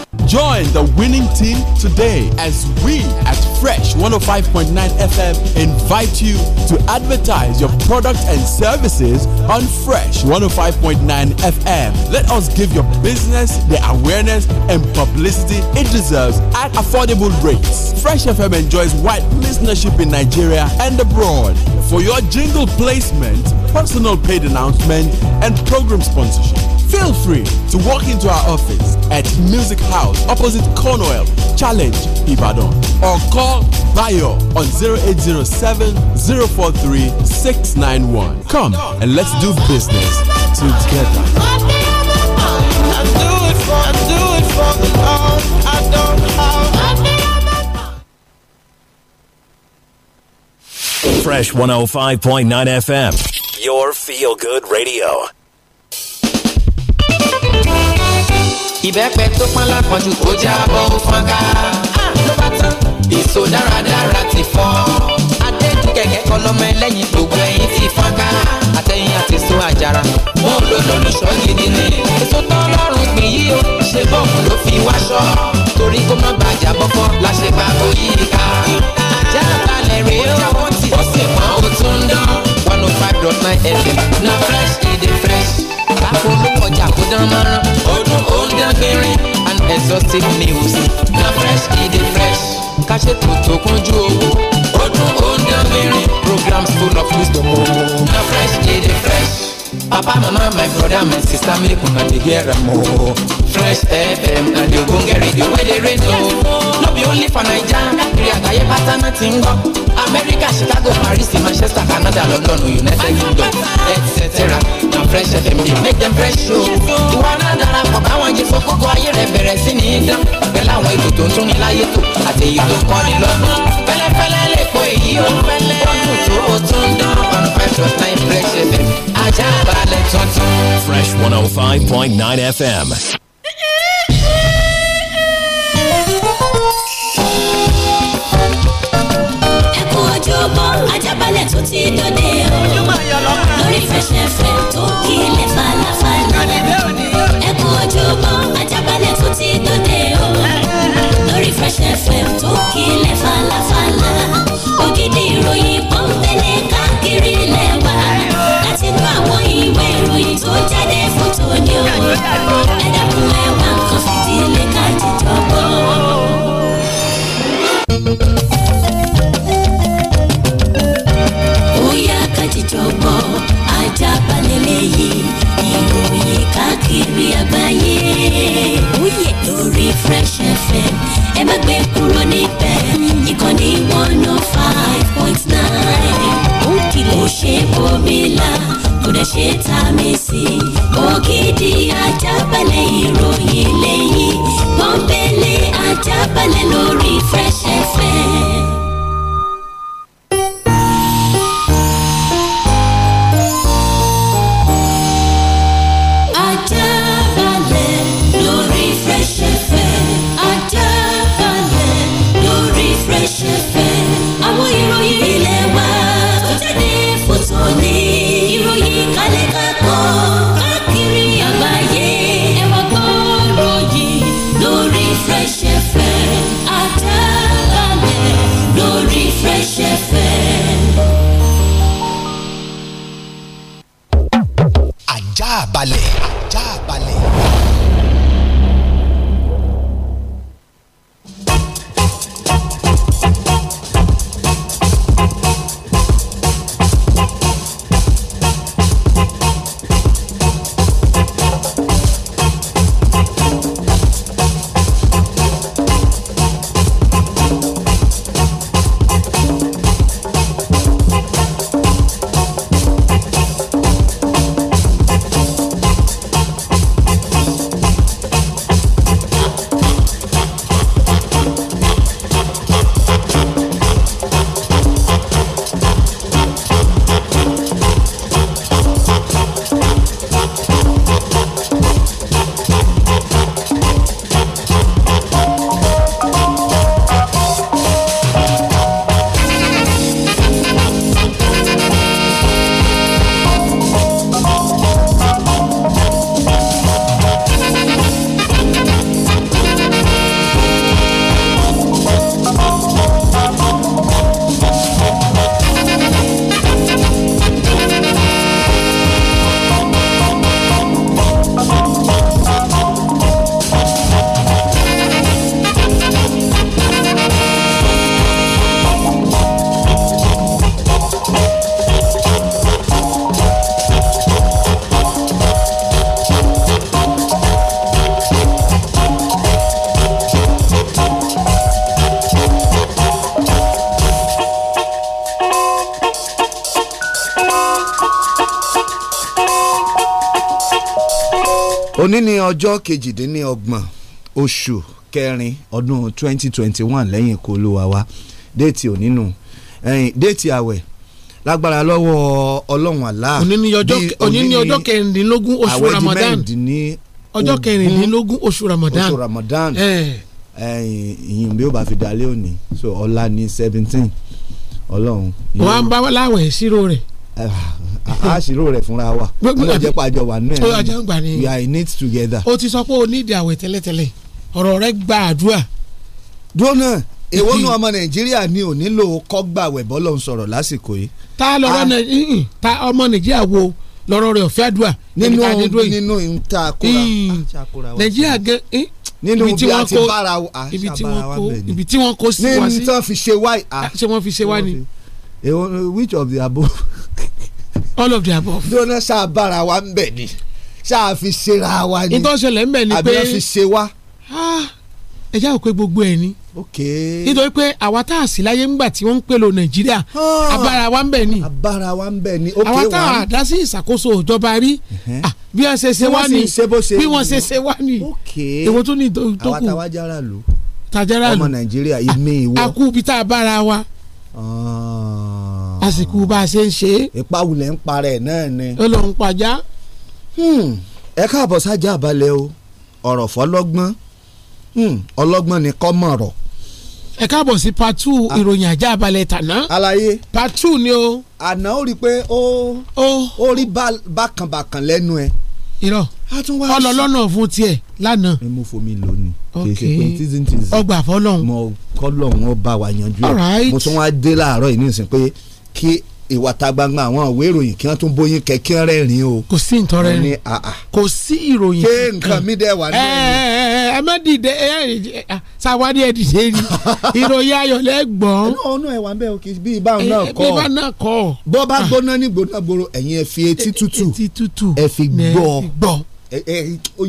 Join the winning team today as we at Fresh 105.9 FM invite you to advertise your product and services on Fresh 105.9 FM. Let us give your business the awareness and publicity it deserves at affordable rates. Fresh FM enjoys wide listenership in Nigeria and abroad. For your jingle placement, personal paid announcement, and program sponsorship Feel free to walk into our office at Music House opposite Cornwell Challenge Ibadan or call Bayo on 0807 043 691. Come and let's do business together. Fresh 105.9 FM, your feel good radio. ìbẹ́pẹ tó pọ́n lápọ̀jù ó jábọ́ ó fọ́n ká ló bá tán èso dáradára ti fọ́ adéjú kẹ̀kẹ́ kọ́ lọ́mọ ẹlẹ́yin gbogbo ẹ̀yìn ti fọ́n ká àtẹ̀yìn àti so àjàrà wọn ò lò lólùṣọ́ gidi ni èso tọ́lọ́run gbìn yí o ṣe bọ́ọ̀mù ló fi wáṣọ torí kó má bàjá bọ́fọ́ la ṣe pa oyè ká ajá balẹ̀ rèé o ó sì mọ́ ó tún dán one oh five dot nine fm na fresh e dey fresh polówó ọjà kó dán mọ́rán ó dún ó an exotic news na fresh e dey fresh ká ṣètò tó kúnjú owó ó dún ó programs full of wisdom na fresh e dey fresh papa mama my brother my sister make una dey hear am o fresh fm na the ogbonge radio wey dey rain o no be only for naija kiri àgbáyé pátá náà ti ń gbọ́ america chicago paris manchester canada london united kingdom etc. fresh fm dey make dem fresh o. ìwọ náà darapọ̀ báwọn jẹ́ sọ́kókó ayé rẹ̀ bẹ̀rẹ̀ sí ní dán tó ń tún ní láyé tó àti èyí tó kọ́ ni lọ́gbọ́n. fẹ́lẹ́fẹ́lẹ́ to ko ni felefele le po èyí o fẹ́lẹ́ ọdún tó o tún dán on five dot nine fresh fm ajá balẹ̀ tuntun. fresh one oh five point nine fm. tó ti dòde o. yọ lọ́kàn. lórí fẹsẹ̀fẹ̀ tó kílẹ̀ falafala. ẹ kú ojúmọ́ ajábalẹ̀ tó ti dòde o lórí fẹsẹ̀fẹ̀ tó kílẹ̀ falafala. ògidì ìròyìn pọ́npẹ́lẹ́ káàkiri lẹ́wà láti inú àwọn ìwé ìròyìn tó jáde fún tòní o. ẹ dẹ́kun ẹwà nǹkan fìdílé ká jíjọ gbọ́. lẹ́yìn ìròyìn káàkiri àgbáyé. Oyè lórí Fresh FM ẹ má gbé kúrò níbẹ̀ ìkànnì one oh five point nine. Ó kìlọ̀ ṣe bòmílà kò ṣe tá a mi sí. Ògidì ajábalẹ̀ ìròyìn lẹ́yìn pọ́npẹ́lẹ́ ajábalẹ̀ lórí Fresh FM. kejìdínlọ́gbọ̀n oṣù kẹrin ọdún 2021 lẹ́yìn ikú olúwa wa déètì ò nínú déètì àwẹ̀ lágbára lọ́wọ́ ọlọ́run àlá òní ní ọjọ́ kẹrìndínlógún oṣù Ramadan ọjọ́ kẹrìndínlógún oṣù Ramadan oṣù Ramadan ìyìn bí ó bá fi dalé òní so ọ̀la ní seventeen ọlọ́run. wàá ń bá láwẹ̀ ìṣirò rẹ̀. Ah, a ṣírò rẹ̀ fúnra wa ọlọ́run jẹ́ pàjọ wà nínú ẹ̀ we are in it together. o ti sọ pé o ní ìdí àwẹ̀ tẹ́lẹ̀tẹ́lẹ̀ ọ̀rọ̀ rẹ gba àdúrà. dúnà èwo nu ọmọ nàìjíríà ni ò nílò kọ́gbàwẹ̀ bọ́lọ̀ ń sọ̀rọ̀ lásìkò yìí. ta lọ́rọ̀ ta ọmọ nàìjíríà wo lọ́rọ̀ rẹ̀ ọ̀fẹ́ àdúrà. nínú nínú ìta kóra wa. nàìjíríà gan nínú bí a ti bára wa ibi tí wọ́n kó ibi tí wọ́n kó sí wa sí. ní tán fi ṣe wá. ṣé wọ́n fi ṣe wá ni. which of the above. all of the above. jóná ṣáà bára wa ń bẹ̀ ni ṣáà fi ṣera wa ni. nítorí ṣẹlẹ̀ ń bẹ̀ ni pé àbí wọ́n fi ṣe wa. Ah, ẹ já òpè gbogbo ẹ ni. ok nítorí pé àwa tá a sì láyé ńgbà tí wọ́n ń pè lò nàìjíríà ah, abára wa ń bẹ̀ ni. abára wa ń ni ok wa. àwa tá a dá sí ìṣàkóso ìjọba rí ah, bí wọ́n ṣe ṣe wá ni bí wọ́n ṣe ṣe wá ni. èwo tó ní tó kù. tajara lò ọmọ nàìjíríà ìmí ìwọ. àkúbi tá a bára wa àsìkò bá a ṣe ń ṣe é. ipa wulẹ̀ ń parẹ́ náà ni. ó lọ ń pajá. ẹ káàbọ̀ sájà àbálẹ̀ o ọ̀rọ̀ fọlọ́gbọ́n hmm, ọlọ́gbọ́n ni kọ́ mọ̀rọ̀ ẹ káàbọ̀ sí part two ah. ìròyìn ajá balẹ̀ tàná. àlàyé. part two ni o. àná ó rí i pé ó ó rí bákànbàkàn lẹ́nu ẹ. irọ́ ọlọ́lọ́nà fún tiẹ̀ lánàá. ẹ mú fomi lónìí. ok ọgbà fọlọ́hún. mo kọ́ lọ́hún ó bá wa yanjú ẹ mo tún wá dé láàárọ̀ yìí nísìnyí pé kí ìwà ta gbangba àwọn ìwé ìròyìn kí wọ́n tún bóyin kẹ́ kí wọ́n rẹ́rìn o. kò sí nǹkan rẹ́rìn ah, ah. kò sí ìròyìn kankan. ṣé nǹkan mi dẹ̀ wà ní. Eh, eh, eh, ẹ má dìde ẹ ẹ sàwárí ah, ẹ dìde ni ìròyìn ayọ̀ lẹ́gbọ̀n. ọ̀nà ẹ̀ wà ń bẹ̀ o kì í bí ibà náà kọ́. ibà náà kọ́. bọ́ bá gbóná ní gbónágbóró ẹ̀yin ẹ fi etí tútù ẹ fi gbọ́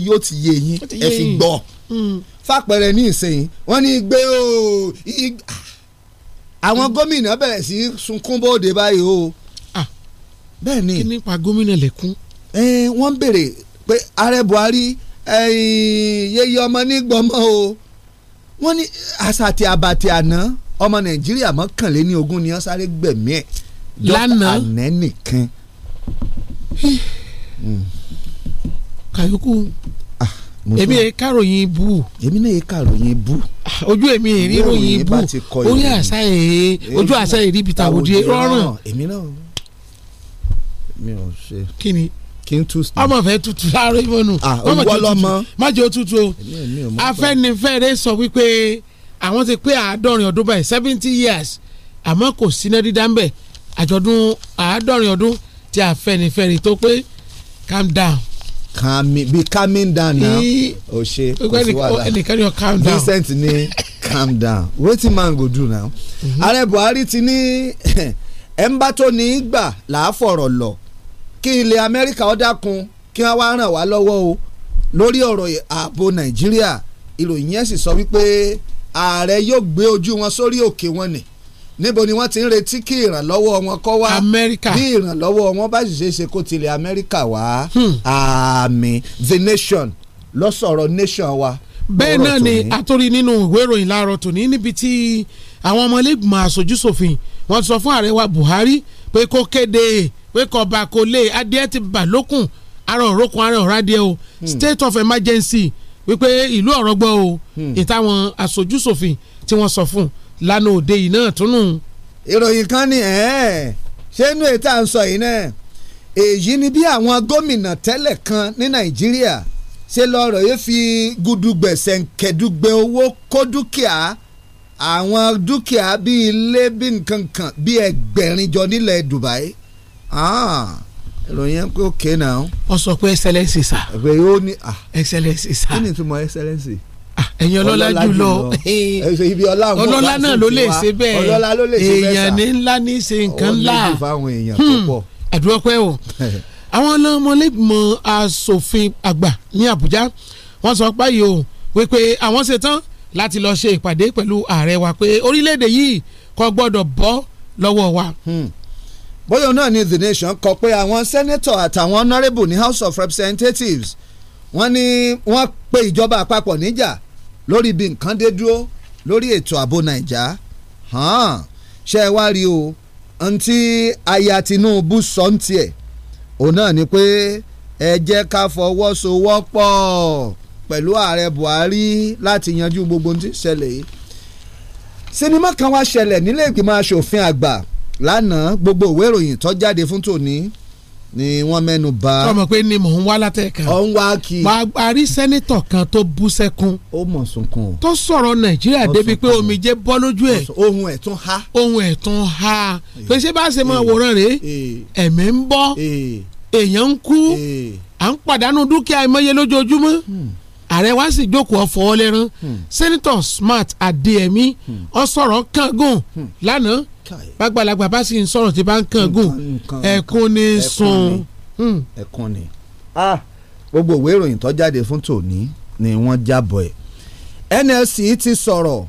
yóò ti yé yín ẹ fi gbọ́ mm. fàpẹrẹ ní ìsẹ̀yìn wọ́n ní gbé o àwọn gómìnà bẹ̀rẹ̀ sí sunkún bóde báyìí o. bẹ́ẹ̀ ni kí nípa gómìnà lẹ́kún. wọ́n ń béèrè pé ààrẹ Buhari yeye ọmọ nígbọmọ o wọ́n ní àsàtì àbàtì àná ọmọ Nàìjíríà mọ́kànléní ogún ni wọ́n sáré gbẹ̀mí ẹ̀ lánàá àná nìkan. Hmm. kàyókù èmi yẹn kàròyìn bú. èmi náà yẹn kàròyìn bú. Ah, ojú èmi èrí ròyìn bú orí àṣà èrè ojú àṣà èrè ibi tàwọn òdi rọrùn. èmi náà mi ò ṣe. kí ni kí n tún. ọmọ fẹ́ tutù láàárọ ìfọnù. ọwọ́ lọmọ má jẹ́ òtútù o. Afẹ́nifẹ́re sọ wípé àwọn ti pé àádọ́rin ọdún báyìí seventy years àmọ́ kò síná dídá ń bẹ̀ àjọ̀dún àádọ́rin ọdún tí Afẹ́nifẹ́re tó pé calm down calming be calming down now o ṣe oh, oh, kò sí wàhálà Vincent ní calm down wetin man go do now. Mm-hmm. ààrẹ Buhari ti ní ẹ̀ ń bá tó ní í gbà láàfọ̀rọ̀ lọ kí ilẹ̀ Amẹ́ríkà ó dákun kí wọ́n wá ràn wá lọ́wọ́ o lórí ọ̀rọ̀ ààbò Nàìjíríà ìròyìn yẹn sì sọ wípé ààrẹ yóò gbé ojú wọn sórí òkè wọn ni níbo ni wọ́n ti ń retí kí ìrànlọ́wọ́ wọn kọ́ wá bí ìrànlọ́wọ́ wọn bá ṣe ṣe kó tilẹ̀ amẹ́ríkà wá hmm. àmì the nation lọ́sọ̀rọ̀ nation wa. bẹ́ẹ̀ náà ni àtòrí nínú ìwé ìròyìn láàárọ̀ tòní níbi tí àwọn ọmọlẹ́gbìmọ̀ aṣojúṣòfin wọ́n ti sọ fún ààrẹ wa Buhari pé kó kéde pé kọba kò lè adìẹ ti bà lókun ara òrókun ara òradìẹ o hmm. state of emergency wípé ìlú ọ̀rọ̀gbọ́ o hmm. ìtàwọn aṣojúṣòfin tí wọ́n sọ fún un lánàá òde yìí náà tún nù. ìròyìn kan ni ṣé inú ètò à ń sọ yìí náà èyí ni bí àwọn gómìnà tẹ́lẹ̀ kan ní nàìjíríà ṣe lọ́rọ̀ yóò fi gudugbẹ̀sẹ̀ nkẹ́dùgbẹ̀ owó kó dúkìá àwọn dúkìá bíi ilé bíi nkankan bíi ẹgbẹ̀rin jọ nílẹ̀ Dubai ah, ìròyìn kò kéèna. ó sọ pé excellence sà. ẹgbẹ́ yóò ní. Ah. excellence sà. kí ni ìtumọ̀ excellence ẹ̀yin ọlọ́lá jùlọ ọlọ́lá náà ló lè ṣe bẹ́ẹ̀ èèyàn ní ńlá ní ṣe nǹkan ńlá hmm. àdúrà o àwọn ọlọ́mọlẹ́gbọ̀n asòfin àgbà ní Àbújá wọ́n sọ páyì o wípé àwọn ṣetán láti lọ ṣe ìpàdé pẹ̀lú ààrẹ wa pé orílẹ̀-èdè yìí kò gbọ́dọ̀ bọ́ lọ́wọ́ wa. Hmm. bóyá náà ni The Nation kọ pé àwọn sẹ́nẹ́tọ̀ àtàwọn honourable ní House of Representatives wọ́n ní wọ́n pe ìjọba àpapọ̀ níjà lórí bí nǹkan dé dúró lórí ètò ààbò nàìjà ṣe é wá rí o ntí aya Tinubu sọ ń tiẹ̀ òun náà ni pé ẹ jẹ́ ká fọwọ́sowọ́pọ̀ pẹ̀lú ààrẹ Buhari láti yanjú gbogbo ohun tí ń ṣẹlẹ̀ yìí sinimá kan wá ṣẹlẹ̀ nílé ìgbìmọ̀ asòfin àgbà lánàá gbogbo ìwé ìròyìn tó jáde fún tòní ni wọ́n mẹ́nu bà. sọmọ pé ni mò ń wá látẹ̀ka. ọ̀ ń wá kí. parí sẹ́nitọ̀ kan tó bú sẹ́kún. ó mọ̀ sunkún. tó sọ̀rọ̀ nàìjíríà débi pé omijé bọ́ lójú ẹ̀. ohun ẹ̀ tún há. ohun ẹ̀ tún há. pé ṣé bá ṣe máa wòran rèé ẹ̀mí ń bọ́ èèyàn ń kú à ń pàdánù dúkìá ìmọ̀ye lójoojúmọ́ hmm. ààrẹ wa sì jókòó ọ̀fọ̀ ọlẹ́rán hmm. sẹ́nitọ̀ Smart Adéyẹmí ó hmm. sọ̀rọ̀ kángun lánàá bàgbàlagbà bá sì ń sọ̀rọ̀ tí bá ń kàn gùn ẹ̀kún ni sùn. ẹ̀kún ni hmm. ah, gbogbo ìwé ìròyìn tó jáde fún tòní ni wọ́n jábọ̀ ẹ̀ NLC ti sọ̀rọ̀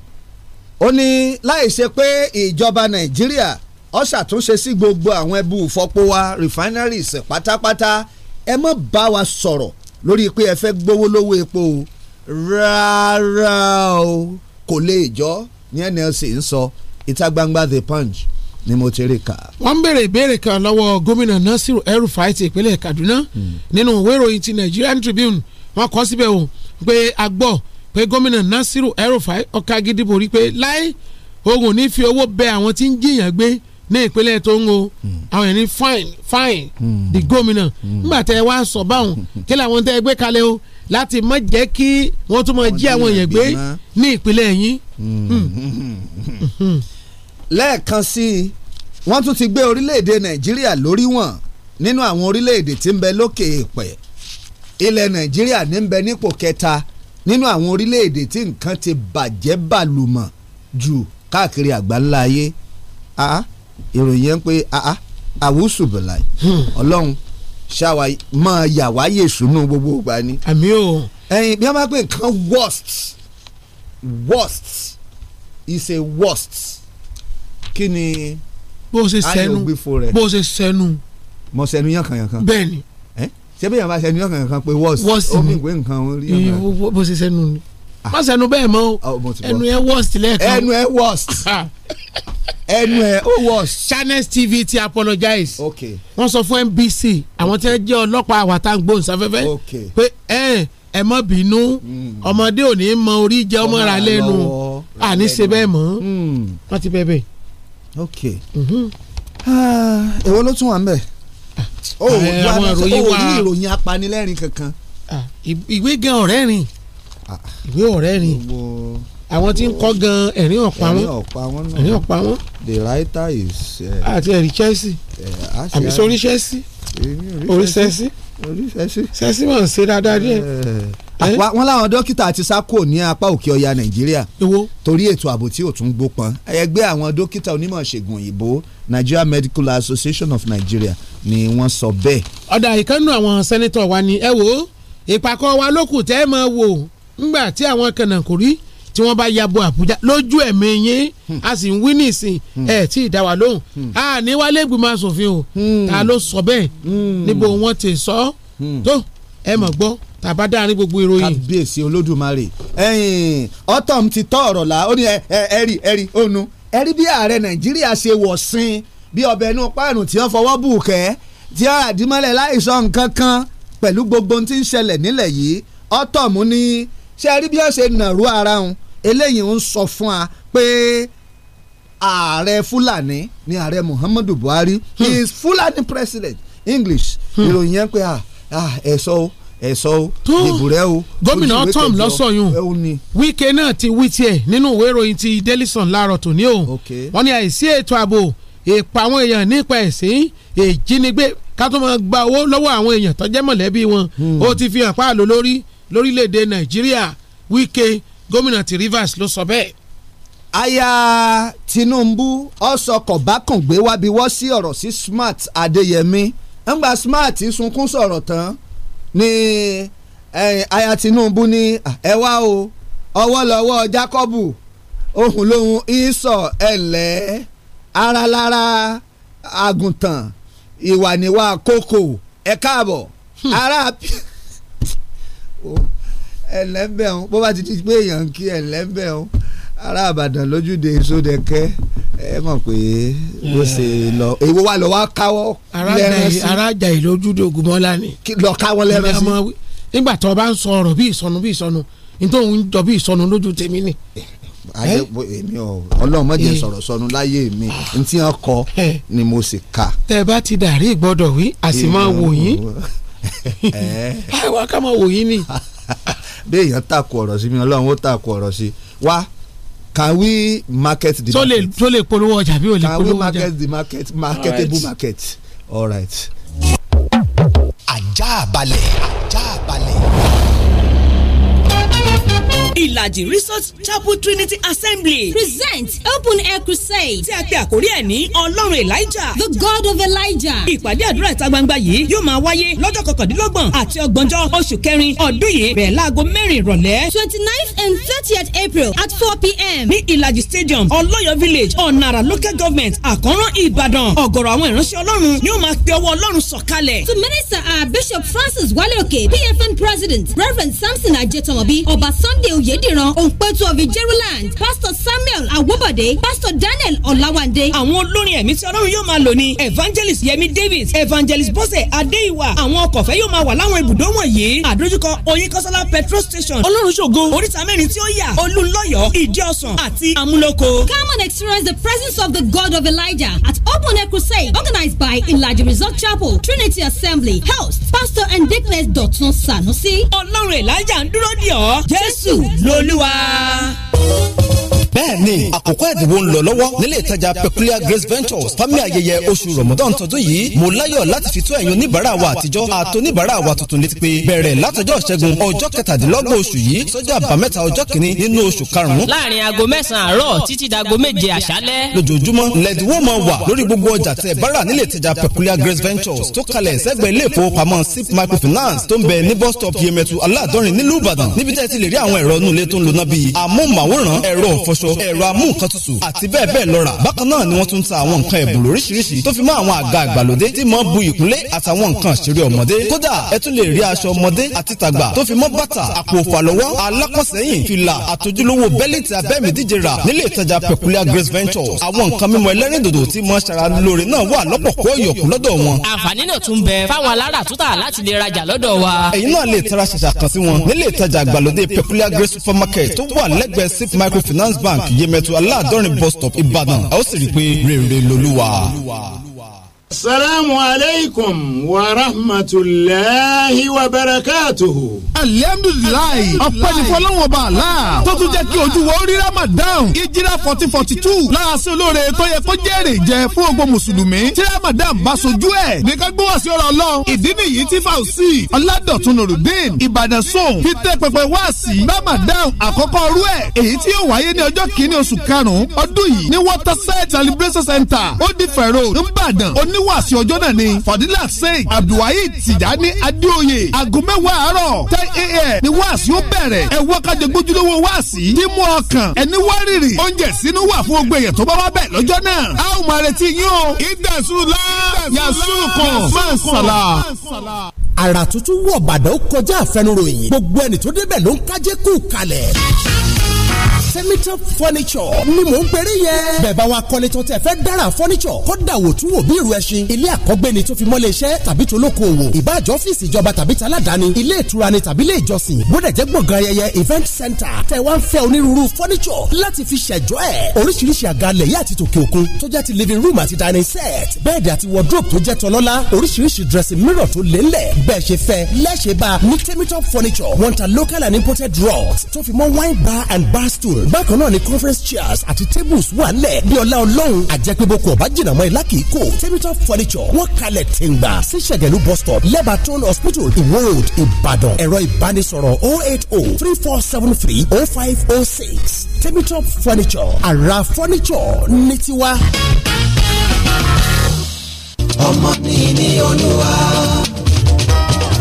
ó ní láì ṣe pé ìjọba Nàìjíríà ó ṣàtúnṣe sí gbogbo àwọn ẹbú ìfọpo wa refineries pátápátá ẹ má bá wa sọ̀rọ̀ lórí pé ẹ fẹ́ gbowó lówó epo rárá o kò lè jọ ní NLC ń sọ. So ìta gbangba the punch ni mo ti rí ka. wọ́n ń béèrè ìbéèrè kan lọ́wọ́ gómìnà Nasiru el ti ìpínlẹ̀ Kaduna nínú ìwé ìròyìn ti Nigerian Tribune wọ́n kọ síbẹ̀ o pé a gbọ́ pé gómìnà Nasiru El-Rufai ọ̀ka gidi borí pé láì òun ní fi owó bẹ àwọn tí ń jiyàn gbé ní ìpínlẹ̀ tó ń wo àwọn ẹni fine fine di gómìnà nígbà tẹ wá sọ báwọn kí làwọn tẹ gbé kalẹ̀ o láti má jẹ́ kí wọ́n tún máa jí àwọn èèyàn gbé ní ìpínlẹ̀ yín. lẹ́ẹ̀kan sí i wọ́n tún ti gbé orílẹ̀-èdè nàìjíríà lórí wọn nínú àwọn orílẹ̀-èdè tí ń bẹ lókè èèpẹ̀ ilẹ̀ nàìjíríà ní ń bẹ nípò kẹta nínú àwọn orílẹ̀-èdè tí nǹkan ti bàjẹ́ bàlùmọ̀ jù káàkiri àgbáńlá ayé a ìròyìn yẹn ń pé a àwùsù bìlà hmm. ọlọ́run ṣáwa máa yà wá yèsù nù gbogbo ìgbà ni. àmì o. ẹyin bí wọ́n bá pè nǹkan worst worst is a worst kí ni bó ṣe sẹ́nu bó ṣe sẹ́nu. mo sẹ́nu yankan yankan. bẹ́ẹ̀ni. ẹ ṣé bí yàrá sẹ́nu yankan yankan pé wọ́ọ̀sì wọ́ọ̀sì ni omi ìwé nǹkan orí yankan. bó ṣe sẹ́nu ni ah. má sẹ́nu bẹ́ẹ̀ mọ́ ah, ẹnu ẹ worst lẹ́ẹ̀kan. ẹnu ẹ worst ah. ẹnu ẹ ó worst. Channels TV ti apologize. okay. wọ́n sọ fún NBC àwọn tí wọ́n jẹ́ ọlọ́pàá àwàtà gbóhùnsáfẹ́fẹ́. okay. pé ẹ ẹ ẹ mọ bínú hmm. ọmọdé ò ní mọ orí jẹ ọmọ ra lẹ́nu àní ṣe bẹ́ẹ̀ mọ́ hmm. wọn ti bẹ̀bẹ̀ ok mhm. ah, èwo ló tún wà ń bẹ̀ o ò ní ìròyìn apanilẹ́rìn kankan. Ah, ìwé gan ọ̀rẹ́ rìn ah. ìwé ọ̀rẹ́ rìn àwọn tí ń kọ́ gan ẹ̀rín ọ̀pá wọn ẹ̀rín ọ̀pá wọn. the writer is. Eh, àti ẹ̀rí Chelsea eh, àbí sórí Chelsea orí Chelsea Chelsea mọ̀ ń ṣe dáadáa díẹ̀. Eh. Ah, eh? wọn láwọn dókítà ti sá kò ní apá òkè ọya nàìjíríà torí ètò ààbò tí ò tún gbópọn ẹgbẹ́ àwọn dókítà onímọ̀ ṣègùn òyìnbó Nigeria Medical Association of Nigeria ni wọ́n sọ bẹ́ẹ̀. ọ̀dà ìkànnù àwọn sẹ́nitọ̀ wa ni ẹ wo ìpàkọ́ wa lókù tẹ́ ẹ máa wò ńgbà tí àwọn kànáńkórí tí wọ́n bá yabo Àbújá lójú ẹ̀mí yín hmm. a sì ń wí nísìn hmm. ẹ̀ tí ì dá wa lóhùn hmm. a ní wálé ìgbìmọ̀ asòfin o ta ló sọ bẹ́ẹ̀ níbo wọ́n ti sọ tó ẹ mọ̀ gbọ́ tàbá dáhàrin gbogbo ìròyìn. kábíyèsí olódùmarè ẹyìn ọtọm ti tọ ọ̀rọ̀ la ó ní ẹrí ẹrí ònu ẹrí bí ààrẹ nàìjíríà ṣe wọ̀ sin bí ọbẹ̀ inú páàrùn tí wọ́n fọwọ́ bù kẹ́ tí wọ́n àdìmọ́lẹ̀ láìsọ nǹkan kan pẹ̀lú gbogbo ohun tí ń ṣẹlẹ̀ nílẹ̀ yìí ọtọm ní ṣe ẹrí bí wọ́n ṣe nàró ara wọn eléyìí ń sọ fún wa pé ààrẹ fúlàní ni ààrẹ muhammadu buhari hmm. he is fúlàní president english hmm. ìròyìn yẹn pé ah Ah, ẹ̀sọ́ o ẹ̀sọ́ o dìbò rẹ o. gómìnà tom lọ́sọ̀yún wíkẹ́ náà ti wí tiẹ̀ nínú ìwé ìròyìn ti daily sun láàárọ̀ tòní o wọ́n ní àìsí ètò ààbò ìpa àwọn èèyàn nípa ẹ̀sìn ìjínigbé ká tó máa gba owó lọ́wọ́ àwọn èèyàn tó jẹ́ mọ̀lẹ́bí wọn hmm. ó ti fi hàn páàlú lórí lórílẹ̀‐èdè nàìjíríà wíkẹ́ gómìnà ti rivers ló sọ bẹ́ẹ̀. aya tinubu ọsọkọ bákàngbé wábi wọ́ sí ọ̀rọ̀ sí smart adéyẹmí ńgbà smart sunkún sọ̀rọ̀ tán ni aya Tinubu ní ẹ wá o ọwọ́ lọ́wọ́ Jacob ohun lohun ìsọ̀ ẹ̀lẹ́ ara lára àgùntàn ìwà níwà kókò ẹ káàbọ̀ hmm. ara ẹlẹ́bẹ̀ọ́ bó bá ti di pé èèyàn ń kí ẹlẹ́bẹ̀ọ́ Ara àbàdàn lójúde sódẹ̀kẹ́ ẹ mọ̀ pé bó ṣe lọ èwo wa lọ wá káwọ́ lẹ́rán sí. arájà yìí lójúde ògùnmọ́lá ni. lọ káwọ́ lẹ́rán sí. nígbà tó o bá ń sọ ọ̀rọ̀ bí ìsọnù bí ìsọnù nítorí òun jọ bí ìsọnù lójú tèmi ni ayé èmi ọ ọlọ́run má jẹ́ eh. sọ̀rọ̀ sọnù láyé mi ah. n tí wọ́n kọ eh. ni mo sì ka. tẹ bá ti dàrí gbọ́dọ̀ wí a sì máa wò yín àwa eh. ká máa wò yín ni. béèyàn takò ọ̀rọ̀ sí mi ọlọ́run ó takò ọ̀rọ̀ sí wa can we market the market. tó lè polówó ọjà bí o lè polówó ọjà. can we market the market marketable all right. market all right. ajá balẹ̀ ajá balẹ̀ ìlàjì resort chapel trinity assembly present open air crusade tí a pe àkórí ẹ̀ ní ọlọ́run elijah the god of elijah ìpàdé àdúrà ìta gbangba yìí yóò máa wáyé lọ́jọ́ kọkàndínlọ́gbọ̀n àti ọgbọ̀njọ́ oṣù kẹrin ọdún yìí bẹ̀rẹ̀ láago mẹ́rin ìrọ̀lẹ́ twenty ninth and thirtieth april at four pm ní ìlàjì stadium ọlọ́yọ̀ village ọ̀nàrà local government àkọ́rán ìbàdàn ọ̀gọ̀rọ̀ àwọn ìránṣẹ́ ọlọ́run yóò máa pe ọwọ́ ọlọ́run sọ̀kalẹ̀. to minister are uh, bishop francis waleoke pfn president reverend samson ajetomobi ọba sunday Oyèdìran òǹpẹ̀tù of Ijeruland Pastor Samuel Awobode Pastor Daniel Olawande. àwọn olórin ẹ̀mí tí ọlọ́run yóò máa lò ní evangelist Yemi Davis evangelist Bose Adéìwà àwọn ọkọ̀fẹ́ yóò máa wà láwọn ibùdó wọ̀nyí àdójúkọ Oyin petrol station Ọlọ́run ṣògo oríta mẹ́rin tí ó yà Olúlọ́yọ̀ Ìdí àti Amúlòkó. Come and experience the presence of the God of Elijah at Open Air Crusade organized by Ìlàjì Resort Chapel Trinity Assembly host Pastor and Deaconess Dọ̀tun Sanusi. Ọlọ́run Elijah ń dúró dì ọ́ Jésù lolúwa bẹ́ẹ̀ni àkókò ẹ̀dínwó ń lọ lọ́wọ́ nílé ìtajà peculiar grace ventures fámi ayẹyẹ oṣù rọmọdán tọdún yìí mo láyọ̀ láti fi tó ẹ̀yin oníbàárà wa àtijọ́ àti oníbàárà wa tuntun létí pé bẹ̀rẹ̀ látọjọ́ ṣẹ́gun ọjọ́ kẹtàdínlọ́gbọ̀n oṣù yìí sọ́jà àbámẹ́ta ọjọ́ kìíní nínú oṣù karùn-ún. láàrin aago mẹ́sàn-án àárọ̀ títí dago méje àṣálẹ́. lójoojúmọ́ lẹ́dínwó máa wà lórí gbogbo ọjà tẹ́ bára nílé ìtajà peculiar grace ventures tó kalẹ̀ sẹ́gbẹ̀ẹ́ ilé ìfowópamọ́ sip microfinance tó ń bẹ ní bus stop yemẹtu aládọ́rin nílùú ìbàdàn níbi tẹ́ ti lè rí àwọn ẹ̀rọ inú ilé tó ń lona bíi amóhùnmáwòrán ẹ̀rọ ìfọṣ aṣọ ẹ̀rọ amúǹkantutù àti bẹ́ẹ̀ bẹ́ẹ̀ lọ rà bákan náà ni wọ́n tún ń ta àwọn nǹkan ẹ̀bùn lóríṣiríṣi tó fi mọ́ àwọn àga àgbàlódé tí mọ́ bu ìkúnlé àtàwọn nǹkan ṣeré ọmọdé kódà ẹ tún lè rí aṣọ ọmọdé àti tàgbà tó fi mọ́ bàtà àpò òfàlọ́wọ́ alákọ̀sẹ́yìn fìlà àtòjúlówó bẹ́lẹ̀tì grace ventures àwọn nǹkan mímọ ẹlẹ́rìndòdò tí mọ́ ṣara lóore náà wà lọ́pọ̀ kó ìyọ̀kú lọ́dọ̀ wọn. àǹfààní náà tún bẹ fáwọn alára wa. ẹ̀yin náà lè tara ṣàṣà kan sí wọn nílé grace supermarket tó wà sip microfinance bank bank yemẹtu aláàdọ́rin bus stop Ìbàdàn a ó sì rí i pé rere lolúwa salamu aleykum wa rahmatulahi wa barakatuhu. alihamdulilayi ọpẹ́ ní fọlọ́wọ́n bá a la. tó tún jẹ́ kí ojú wo rí ramadan ìjírá fourteen forty two láàṣẹ olóore tó yẹ kó jèrè jẹ fún ogbó mùsùlùmí tí ramadan bá sojú ẹ̀ nìkan gbówó sí ọ̀rọ̀ lọ. ìdí nìyí tí fauci ọ̀làdọ̀tun nurudeen ìbàdàn sóun fi tẹ́ pẹpẹ wá sí ramadan àkọ́kọ́ ọrú ẹ̀ èyí tí yóò wáyé ní ọjọ́ kìíní oṣù karùn-ún ọdún yìí ní waterside celebration center ó di fẹ̀rọ nígbàdàn oníwàásù ọjọ́ náà ni fadila sèk abdulwaheed tijani adéoyè aago mẹ́wàá àárọ̀ ten a.m. ni wàásù ó bẹ̀rẹ̀ ẹ wákàtí gbójúlówó wàásì tí mú ọkàn ẹni wárìrì oúnjẹ sínú wà fún ogbè yẹn tó bá wà bẹ̀ lọ́jọ́ náà a ó máa retí yín o. ìdẹ̀sùlá yasukun mansala àrà tuntun wọ̀ bàdàn kọjá àfẹnuròyìn gbogbo ẹni tó débẹ̀ ló ń kájé kú kalẹ̀ semitop furniture ni mò ń pèrè yẹn. bẹ̀bá wa kọ́lé tó tẹ̀ fẹ́ dára furniture kọ́dà wò tún wò bí irú ẹṣin ilé àkọ́gbéni tó fi mọ́lé iṣẹ́ tàbí tó lóko òwò ìbáàjọ́ ọ́fíìsì ìjọba tàbí taládàáni ilé ìtura ni tàbí ilé ìjọsìn bódà jẹ́ gbọ̀ngàn ayẹyẹ event center tẹ̀ wá ń fẹ́ onírúurú furniture láti fi ṣẹ̀jọ́ ẹ̀ oríṣiríṣi àga lẹ̀yà àti tòkè òkun tó jẹ́ ti living room àti dining set bẹ́ẹ̀dì àti wardrobe tó jẹ́ tọlọ́lá dressing mirror tó lé ńlẹ̀ bẹ́ẹ̀ ṣe fẹ́ lẹ́ṣẹ̀ bá ní furniture wọ́n ta local and imported rugs tó fi wine bar and bar stool lọ́rùn bákan náà ni conference chairs àti tables wà lẹ̀ bí ọlá ọlọ́run àjẹpéboko ọ̀bá jìnnà mọ́ ìlà kìí kò tabletop furniture wọ́n kalẹ̀ tìǹgbà sí ṣẹ̀gẹ̀lú bus stop lebaton hospital iwo road ìbàdàn ẹ̀rọ ìbánisọ̀rọ̀ 08034730506 tabletop furniture àrà furniture ní tiwa. ọmọ mi ni olúwa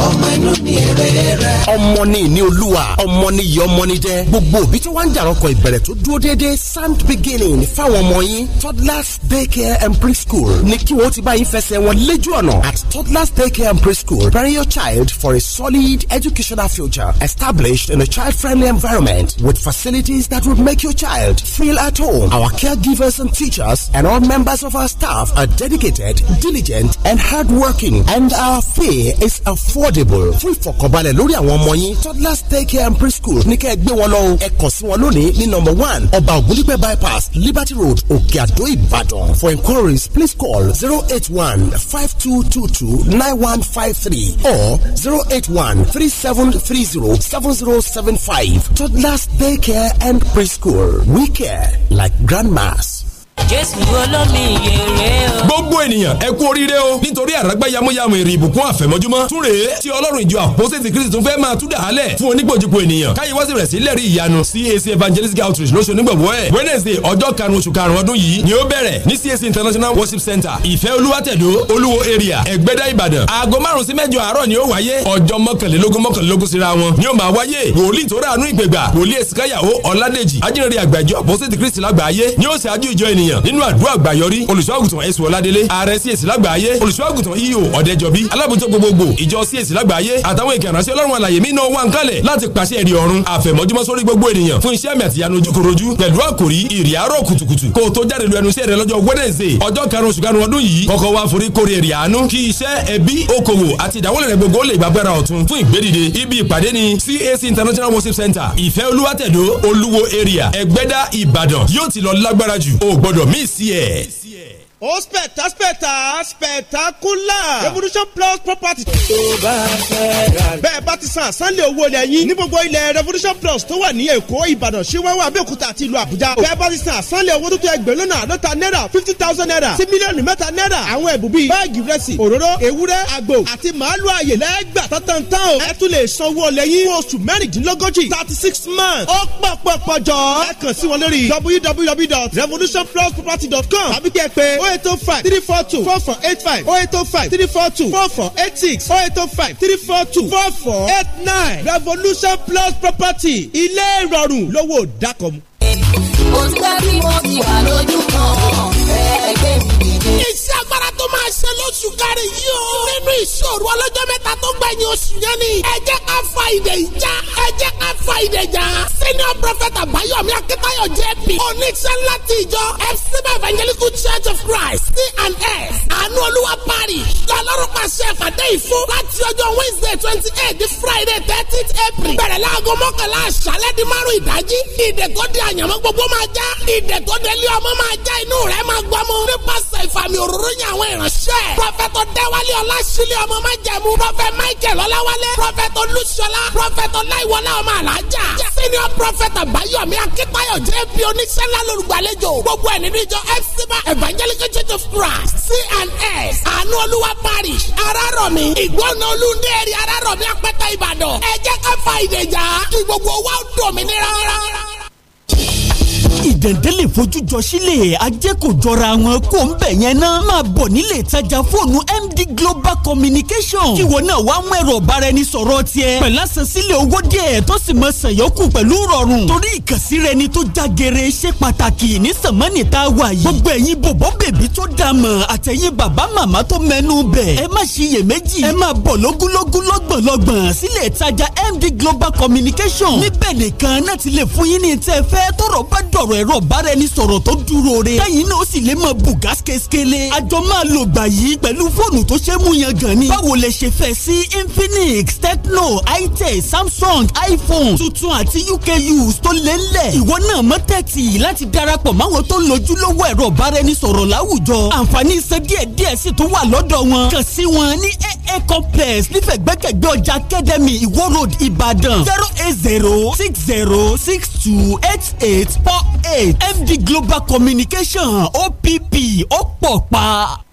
ọmọ inú mi Herrera. ọmọ ni ìní olúwa ọmọ ni ìyá ọmọ ni jẹ gbogbo òbí tí wọ́n ń jàrọ̀kọ̀ ìbẹ̀rẹ̀ tó dúró déédéé sand beginning fáwọn ọmọ yín toddlers daycare and preschool ní kí wọ́n ti bá yín fẹsẹ̀ wọn lójú ọ̀nà at toddlers daycare and preschool prepare your child for a solid educational future established in a child-friendly environment with facilities that would make your child feel at home. Our caregivers and teachers and all members of our staff are dedicated, diligent, and hardworking, and our fee is affordable affordable fún ìfọ̀kànbalẹ̀ lórí àwọn ọmọ yín toddlers take care and preschool ní kẹ́ ẹ gbé wọn lọ o ẹ kàn sí wọn lónìí ní number one ọba ògúnlípẹ̀ bypass liberty road òkè àdó ìbàdàn for inquiries please call zero eight one five two two two nine one five three or zero eight one three seven three zero seven zero seven five toddlers day care and preschool we care like grandmas jésù olómi yèrè o. gbogbo ènìyàn ẹ kú oríire o nítorí àràgbá yamuyamu èrè ìbùkún àfẹ̀mọ́júmọ́ túre tí ọlọ́run ìjọ àpọ́sẹ̀tì kristi tún fẹ́ máa tú dàálẹ̀ fún onígbòjìpò ènìyàn káyé wá sí rẹ̀ sí lẹ́rìí ìyanu CAC evangelistic outreach lóṣù nígbàgbọ́ ẹ̀ wednesday ọjọ́ karùn-ún oṣù karùn-ún ọdún yìí ni ó bẹ̀rẹ̀ ní CAC international worship center ìfẹ́ olúwàtẹ̀dọ́ olúwo area ẹ̀gbẹ́dá ìbàdàn aago márùn-ún sí mẹ́jọ àárọ̀ ni ó wáyé ọjọ́ mọ́kànlélógún mọ́kànlélógún síra wọn ni ó máa wáyé wòlíì tó ráàánú ìpègbà wòlíì èsìkáyàwó ọ̀ládèjì ajínrere àgbàjọ àpọ́sẹ̀tì kristi lágbàáyé ni ó ṣáájú ìjọ ènìyàn ìbàdàn nínú àdúrà àgbàyọrí olùṣọ́àgùtàn ẹ̀sùn ọ̀ládélé ààrẹ csc lágbàáyé olùṣọ́àgùtàn iyo e ọ̀dẹ́jọbí alábòjọ́ gbogbogbò ìjọ csc lágbàáyé àtàwọn ìkànnàṣẹ́ ọlọ́run àlàyé mi náà wà ń kalẹ̀ láti pàṣẹ ẹ̀rí ọ̀run àfẹ̀mọ́júmọ́ sórí gbogbo ènìyàn fún iṣẹ́ àmì àtìyanu ojúkorojú pẹ̀lú àkòrí ìrì àárọ̀ kùtùkùtù kó o tó jáde lu ẹnu iṣẹ́ rẹ lọ́jọ́ wednesday ọjọ́ karùn-ún oṣù karùn-ún ọdún yìí kọ́kọ́ wá forí kórè èrè àánú kí iṣẹ́ ẹbí okòwò CAC International Worship Center ìfẹ́ olúwàtẹ̀dọ́ olúwo area ẹgbẹ́dá ìbàdàn yóò ti lọ Miss mi sí ẹ̀. ó spẹ̀tà spẹ̀tà spectacular revolution plus property. tó bá fẹ́ ra. bẹ́ẹ̀ bá ti san àsánlé owó ilẹ̀ yín ní gbogbo ilẹ̀ revolution plus tó wà ní èkó ìbàdàn ṣíwáwá abẹ́òkúta àti ìlú àbújá. bẹ́ẹ̀ bá ti san àsánlé owó tó tó ẹgbẹ̀rún lọ́nà àádọ́ta náírà fifty thousand naira sí mílíọ̀nù mẹ́ta náírà. àwọn ẹ̀bùn bíi báàgì rẹsì òróró ewúrẹ́ àgbò àti màálù ààyè lẹ́gbà tántantán o. ẹ tún lè san owó ilẹ̀ yín fún oṣù mẹ́rìndínlógójì thirty six months. ó pọ̀ pọ̀ pọ̀ jọ. ẹ kàn sí wọn lórí www.revolutionplusproperty.com tàbí kí Oh eight oh five three four two four four eight five oh eight oh five three four two four four eight six oh eight oh five three four two four four eight nine revolution plus property ilé ìrọ̀rùn lówó dákọ̀mù. òṣìṣẹ́ bí mo ti wà lójú kan ṣe lóṣù kárí yìí o. nínú ìṣòro ọlọ́jọ́ mẹ́ta tó gbẹ̀yìn oṣù yẹn ni. ẹ jẹ́ ká fa ìdè ìjà. ẹ jẹ́ ká fa ìdè ìjà. senior prophet àbáyọ̀mí akíntayọ̀ jp. oníṣẹ́ ńlá ti ìjọ fcb evangelical church of christ S àánú olúwa parí. lọ́lọ́run pàṣẹ ìpàdé ìfún. láti ọjọ́ wednesday twenty eight di friday thirtieth april. bẹ̀rẹ̀ láago mọ́kànlá àṣálẹ́ di márùn ìdájí. ìdè tó di àyànmọ́ gbogbo máa já. ìdè tó délé ọmọ máa já inú rẹ̀ máa gbọ́mọ. nípasẹ̀ ìfàmì òróró yẹn àwọn ìránṣẹ́ bẹ́ẹ̀. prọfẹ̀tọ̀ dẹ́wálé ọlá sílẹ̀ ọmọ má jẹ̀mú. prọfẹ̀ michael ọláwálé. prọfẹ̀tọ̀ lusola. prọfẹ̀tọ̀ láìwọlá ọmọ alájà. senior prọfẹ̀tọ̀ bayomi akitayo jp oníṣẹ́lá lórúgbàlejò. gbogbo ẹ̀ nínú ìjọ fcba evangelical church of christ cns. àánú olúwa parish. arárọ̀mí. ìgbọ́nà olúndéèrè arárọ̀mí apẹ́tẹ́ ìbàdàn. ẹ jẹ́ ká fa ìdèjà. kí gbogbo wa dòmìnira ìdẹ̀ndẹ́ lè fojú jọ sílẹ̀ ajé kò jọra wọn kó ń bẹ̀ yẹn náà máa bọ̀ nílé ìtajà fóònù MD Global Communication kíwọ náà wàá mú ẹ̀rọ ọ̀bára ẹni sọ̀rọ̀ tiẹ̀ pẹ̀lú àsansílẹ̀ owó díẹ̀ tó sì mọ sànyọ́kù pẹ̀lú rọrùn torí ìkànsí rẹ ni tó já gere ṣe pàtàkì ní sàmánì tá a wà yìí gbogbo ẹ̀yin bòbọ́ bèbí tó dà mọ̀ àtẹ̀yin bàbá màmá tó mẹ́nu bẹ̀ ẹ má ṣiyèméjì ẹ máa bọ̀ lógúnlógún lọ́gbọ̀nlọ́gbọ̀n sílẹ̀ ìtajà MD Global Communication níbẹ̀ nìkan náà ti lè fún yín ní tẹ́ fẹ́ tọ̀rọ̀ bá dọ̀r ọ̀rọ̀ ẹ̀rọ ìbáraẹnisọ̀rọ̀ tó dúró re lẹ́yìn náà ó sì lè máa bù gas kéékèèlé àjọ máa lò gbà yìí pẹ̀lú fóònù tó ṣe é mú yan gan ni báwo lè ṣe fẹ́ sí Infinix Tecno itel Samsung iPhone tuntun àti UKUs tó lé ńlẹ̀ ìwọ náà mọ́ tẹ̀tì láti darapọ̀ máwọn tó ń lojúlówó ẹ̀rọ ìbáraẹnisọ̀rọ̀ láwùjọ àǹfààní iṣẹ́ díẹ̀díẹ̀ sì tún wà lọ́dọ̀ wọn kàn sí wọn ní aa complex nífẹ̀gbẹ́kẹ̀gbẹ́ ọjà academy Iwo Road Ìbàdàn zero eight zero six zero six two eight eight four eight MD Global Communication OPP ó pọ̀ pa.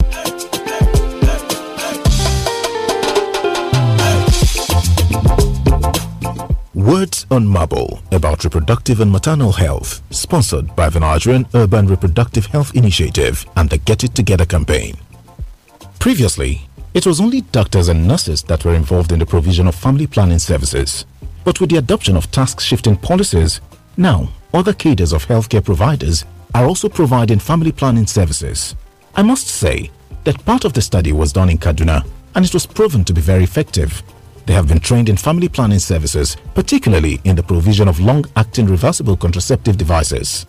Words on Marble about reproductive and maternal health, sponsored by the Nigerian Urban Reproductive Health Initiative and the Get It Together campaign. Previously, it was only doctors and nurses that were involved in the provision of family planning services. But with the adoption of task shifting policies, now, other cadres of healthcare providers are also providing family planning services. I must say that part of the study was done in Kaduna and it was proven to be very effective. They have been trained in family planning services, particularly in the provision of long acting reversible contraceptive devices.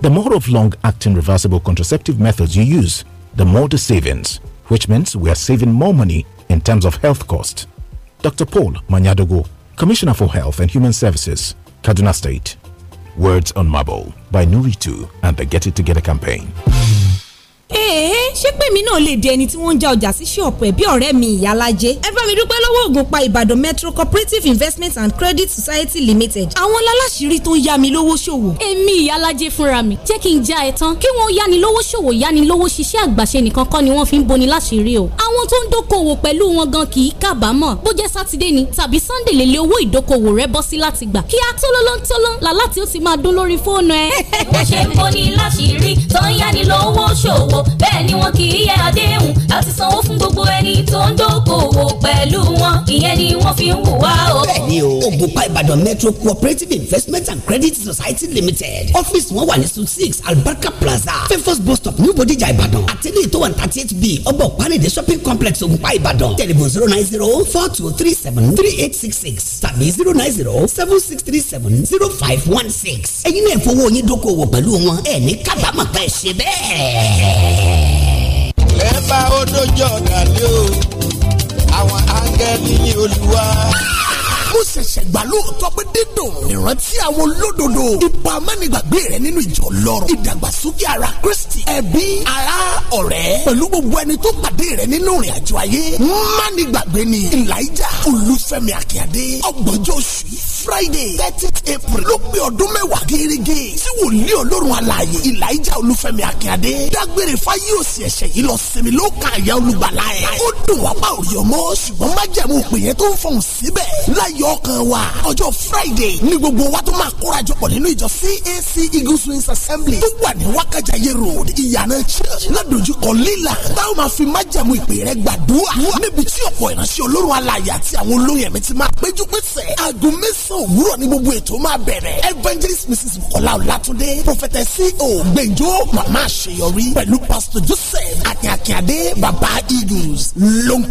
The more of long acting reversible contraceptive methods you use, the more the savings, which means we are saving more money in terms of health cost. Dr. Paul Manyadogo, Commissioner for Health and Human Services, Kaduna State. Words on Marble by Nuritu and the Get It Together campaign. ee ṣé pèmí náà lè di ẹni tí wọ́n ń já ọjà sí ṣọ́ọ̀pù ẹ̀ bí ọ̀rẹ́ mi ìyálájẹ. ẹ bá mi dúpẹ́ lọ́wọ́ Ògùnpa Ìbàdàn Metro Cooperative Investment and Credit Society Limited. àwọn aláṣìírí tó ń yá mi lówó ṣòwò. èmi ìyálájẹ fúnra mi jẹ́ kí n já ẹ tán kí wọ́n yáni lówó ṣòwò yáni lówó ṣiṣẹ́ àgbàṣe nìkan kọ́ ni wọ́n fi ń boni láṣìírí o. àwọn tó ń dókòwò pẹ̀lú wọn gan kì í kábàámọ̀ bó jẹ́ sátidé sunday lè lé owó ìdókòwò rẹ bọ́ sí láti gbà dókòwò bẹ́ẹ̀ ni wọn kì í yẹ àdéhùn àti sanwó fún gbogbo ẹni tó ń dókòwò pẹ̀lú wọn ìyẹn ni wọ́n fi ń hùwà o. bẹ́ẹ̀ni o ògùnpá ìbàdàn metro cooperative investment and credit society limited ọ́fíìsì wọn wà ní suite six albarka plaza fẹ́fọ́s bus stop new bodija ìbàdàn àtẹlẹ́ tó wà ní thirty eight b ọgbọ̀n panade shopping complex ògùnpá ìbàdàn telephone zero nine zero four two three seven three eight six six tàbí zero nine zero seven six three seven zero five one six ẹ̀yin náà fowó yín dókòwò pẹ̀lú wọn ẹ̀ ní kábàámọ̀ pẹ̀ ṣe bẹ́ẹ̀ lẹ́bàá ó dójọ́ dalẹ́ o àwọn áńgẹ́lì olúwa ó ṣẹ̀ṣẹ̀ gbà lóòótọ́ pé dídùn ìrántí àwọn olódodo ipa amánigbàgbé rẹ nínú ìjọ lọ́rùn ìdàgbàsókè ara Kristi ẹbí ará ọ̀rẹ́ pẹ̀lú gbogbo ẹni tó pàdé rẹ nínú ìrìn àjò ayé mánigbàgbé ni Elijah Olúfẹ́mi Akíndé ọgbọ̀njọ́ oṣù yìí friday thirtieth april ló pé ọdún mẹ́wàá gẹ́gẹ́ tí wòlíì ọlọ́run alààyè ìlàjà olúfẹ́mi akínyàdé dágbére fáyé òsì ẹ̀ṣẹ̀ yìí lọ sinmi ló ka àyà olùgbàlà ẹ̀ ó dùn wá pa òrì ọmọ ṣùgbọ́n má jẹ̀mú pè yẹn tó ń fọhùn síbẹ̀ láyọ̀ kan wa ọjọ́ friday ní gbogbo wa tó máa kórajọpọ̀ nínú ìjọ cac eagles wings assembly tó wà ní wákàjà yé road ìyànà church ládojúkọ líla táwọn máa fi má jẹ̀mú ìpè rẹ gbàdúrà níbi tí ọ̀pọ̀ ìránṣẹ́ ọlọ́run alààyè àti àwọn olóyè mi ti máa péjú pèsè aago mẹ́sàn òwúrọ̀ ní gbogbo ètò máa bẹ̀rẹ̀ evangelist mrs bukola olatunde prophetess ceo gbẹ̀njọ́ mama àṣeyọrí pẹ̀lú pastor joseph akínyàkínyàdé baba eagles ló ń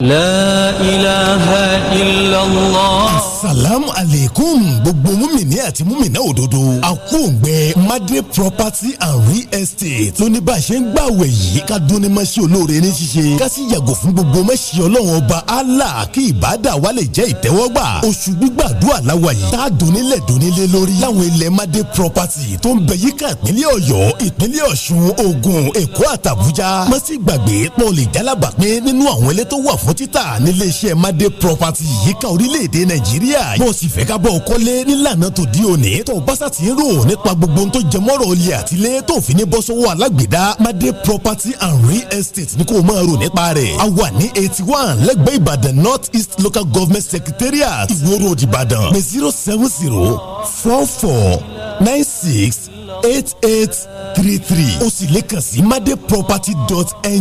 La ilaha illallah. Asalaamu aleykum gbogbo múmìnì àti múmìnà òdodo. Àkóǹgbẹ Madre Property and Real Estate tó ní bá a ṣe ń gbàwẹ̀ yìí ká dúnni máa ṣe olóore ní ṣíṣe. Ká yàgò fún gbogbo mẹ́sì ọlọ́run ọba Allah kí ìbádà wa lè jẹ́ ìtẹ́wọ́gbà. Oṣù gbígbàdúrà láwa yìí. Tá a dùnnílẹ̀ dùnnílé lórí. Láwọn ilẹ̀ Madre Property tó ń bẹ yíká ìpínlẹ̀ Ọ̀yọ́, ìpínlẹ̀ Ọ̀ṣun, Ògùn, Èkó àtàbújá. Má gbàgbé pọ̀ lè jálábàpín nínú àwọn ilé tó wà f fún títà nílé iṣẹ́ property yíká orílẹ̀-èdè Nàìjíríà bó o sì fẹ́ ká bọ̀ kọ́lé nílànà tó di òní tó báṣà ti ń rò nípa gbogbo tó jẹ mọ́rọ̀ olè àtìlé tó fi ní bọ́ alágbèédá Made property and real estate ni kò máa rò nípa rẹ̀ a wà ní eighty one lẹ́gbẹ̀ẹ́ Ìbàdàn North East Local Government Secretariat Ìwó Road Ìbàdàn pé zero seven zero four four nine six eight eight three three o sì lè kàn sí madeproperty.ng made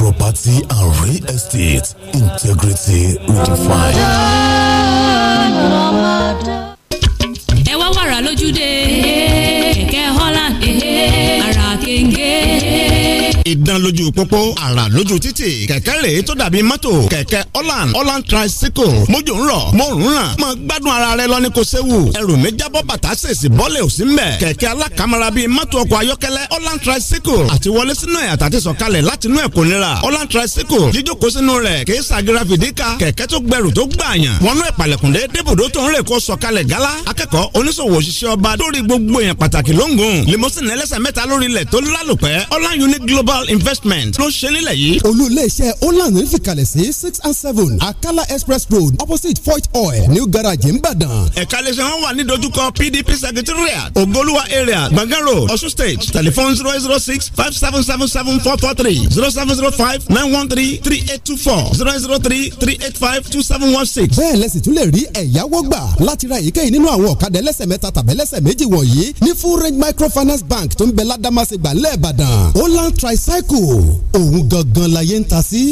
property and real estate integrity redefined. ìdán lójú pópó àrà lójú títì kẹ̀kẹ́ rèé tó dàbí mọ́tò kẹ̀kẹ́ holland holland tricycle mójú ń rọ̀ mo ń ràn mo gbádùn ara rẹ lọ ní kò séwu ẹrù mi jábọ́ bàtà sèṣì bọ́lẹ̀ ò sí mbẹ̀ kẹ̀kẹ́ alákàmọ́ra bíi mọ́tò ọkọ̀ ayọ́kẹ́lẹ́ holland tricycle àti wọlé sínú ẹ̀ àtàtì sọ̀kalẹ̀ látinú ẹ̀ kò nira holland tricycle jíjókòó sínú rẹ̀ kì í sàgéra fìdíkà kẹ̀kẹ́ tó gbẹrù tó gbààyàn wọnú ìpàlẹ̀kùndé débùdó tó ń rè kó sọ̀kalẹ̀ gálá akẹ́kọ̀ọ́ oníṣòwò òṣìṣẹ́ ọba lórí gbogbo èèyàn pàtàkì lóńgùn limousine ẹlẹ́sẹ̀ mẹ́ta lórí ilẹ̀ tó lálùpẹ́ holland unique global capital investment ló ń ṣe nílẹ̀ yìí. olú iléeṣẹ́ holland ń fìkàlẹ̀ sí six and seven akala express road opposite fort oil new garage nìbàdàn. ẹ̀ka iléeṣẹ́ wọn wà ní dojúkọ pdp secretariat ogoluwa area gbọ̀ngàn road ọ̀ṣun state telephone zero zero six five seven seven seven four four three zero seven zero five nine one three three eight two four zero zero three three eight five two seven one six. bẹ́ẹ̀ lẹ́sìn tún lè rí ẹ̀yáwó gbà láti ra èyíkéyìí nínú àwọn ọ̀kadà ẹlẹ́sẹ̀ mẹ́ta tàbí ẹlẹ́sẹ̀ méjì wọ̀nyí ní full range microfinance bank tó ń bẹ ládàmásẹ̀gbà lẹ́ẹ̀bàdàn holland tricycle motorcycle òun gangan láyé ń ta sí.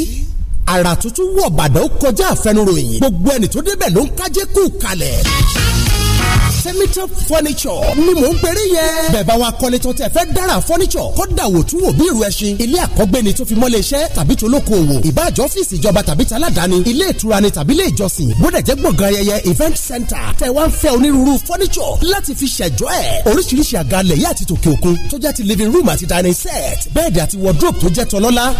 àrà tuntun wọ̀ bàdàn kọjá àfẹnuròyìn gbogbo ẹni tó débẹ̀ ló ń kájé kú kalẹ̀. Semitop furniture ni mò ń pèrè yẹn. bẹ̀ẹ̀ wa kọ́lé tó tẹ̀ fẹ́ dára furniture kódà wò tún wò bí irú ẹṣin. ilé àkọ́gbé ni tó fi mọ́lé iṣẹ́ tàbí tó lóko òwò. ìbáàjọ́ ọ́fíìsì ìjọba tàbí taládàáni ilé ìtura ni tàbí ilé ìjọsìn. bódà jẹ́ gbọ̀ngàn ayẹyẹ event center. tẹ wá ń fẹ́ onírúurú furniture láti fi ṣẹ̀jọ́ ẹ̀. oríṣiríṣi àga lẹ̀yẹ́ àti tòkè òkun tó living room àti dining set. bẹ́ẹ̀dì àti wardrobe tó jẹ́ tọlọ́lá.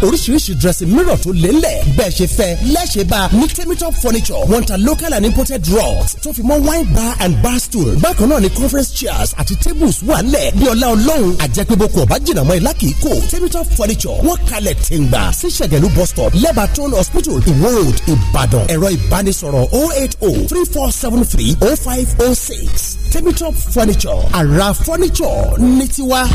dressing mirror tó lé ńlẹ̀. bẹ́ẹ̀ ṣe fẹ́ lẹ́ṣẹ̀ furniture. wọ́n ta local and imported rugs tó fi wine bar and bar stool bákan náà ni conference chairs àti tables wà lẹ̀ bí ọlá ọlọ́run àjẹpéboko ọ̀bá jìnnà mọ́ ìlà kìí kò tabletop furniture wọ́n kalẹ̀ tìǹgbà sí ṣẹ̀gẹ̀lú bus stop lebaton hospital iwo road ìbàdàn ẹ̀rọ ìbánisọ̀rọ̀ oh eight oh three four seven three oh five oh six tabletop furniture àrà furniture ní tiwa.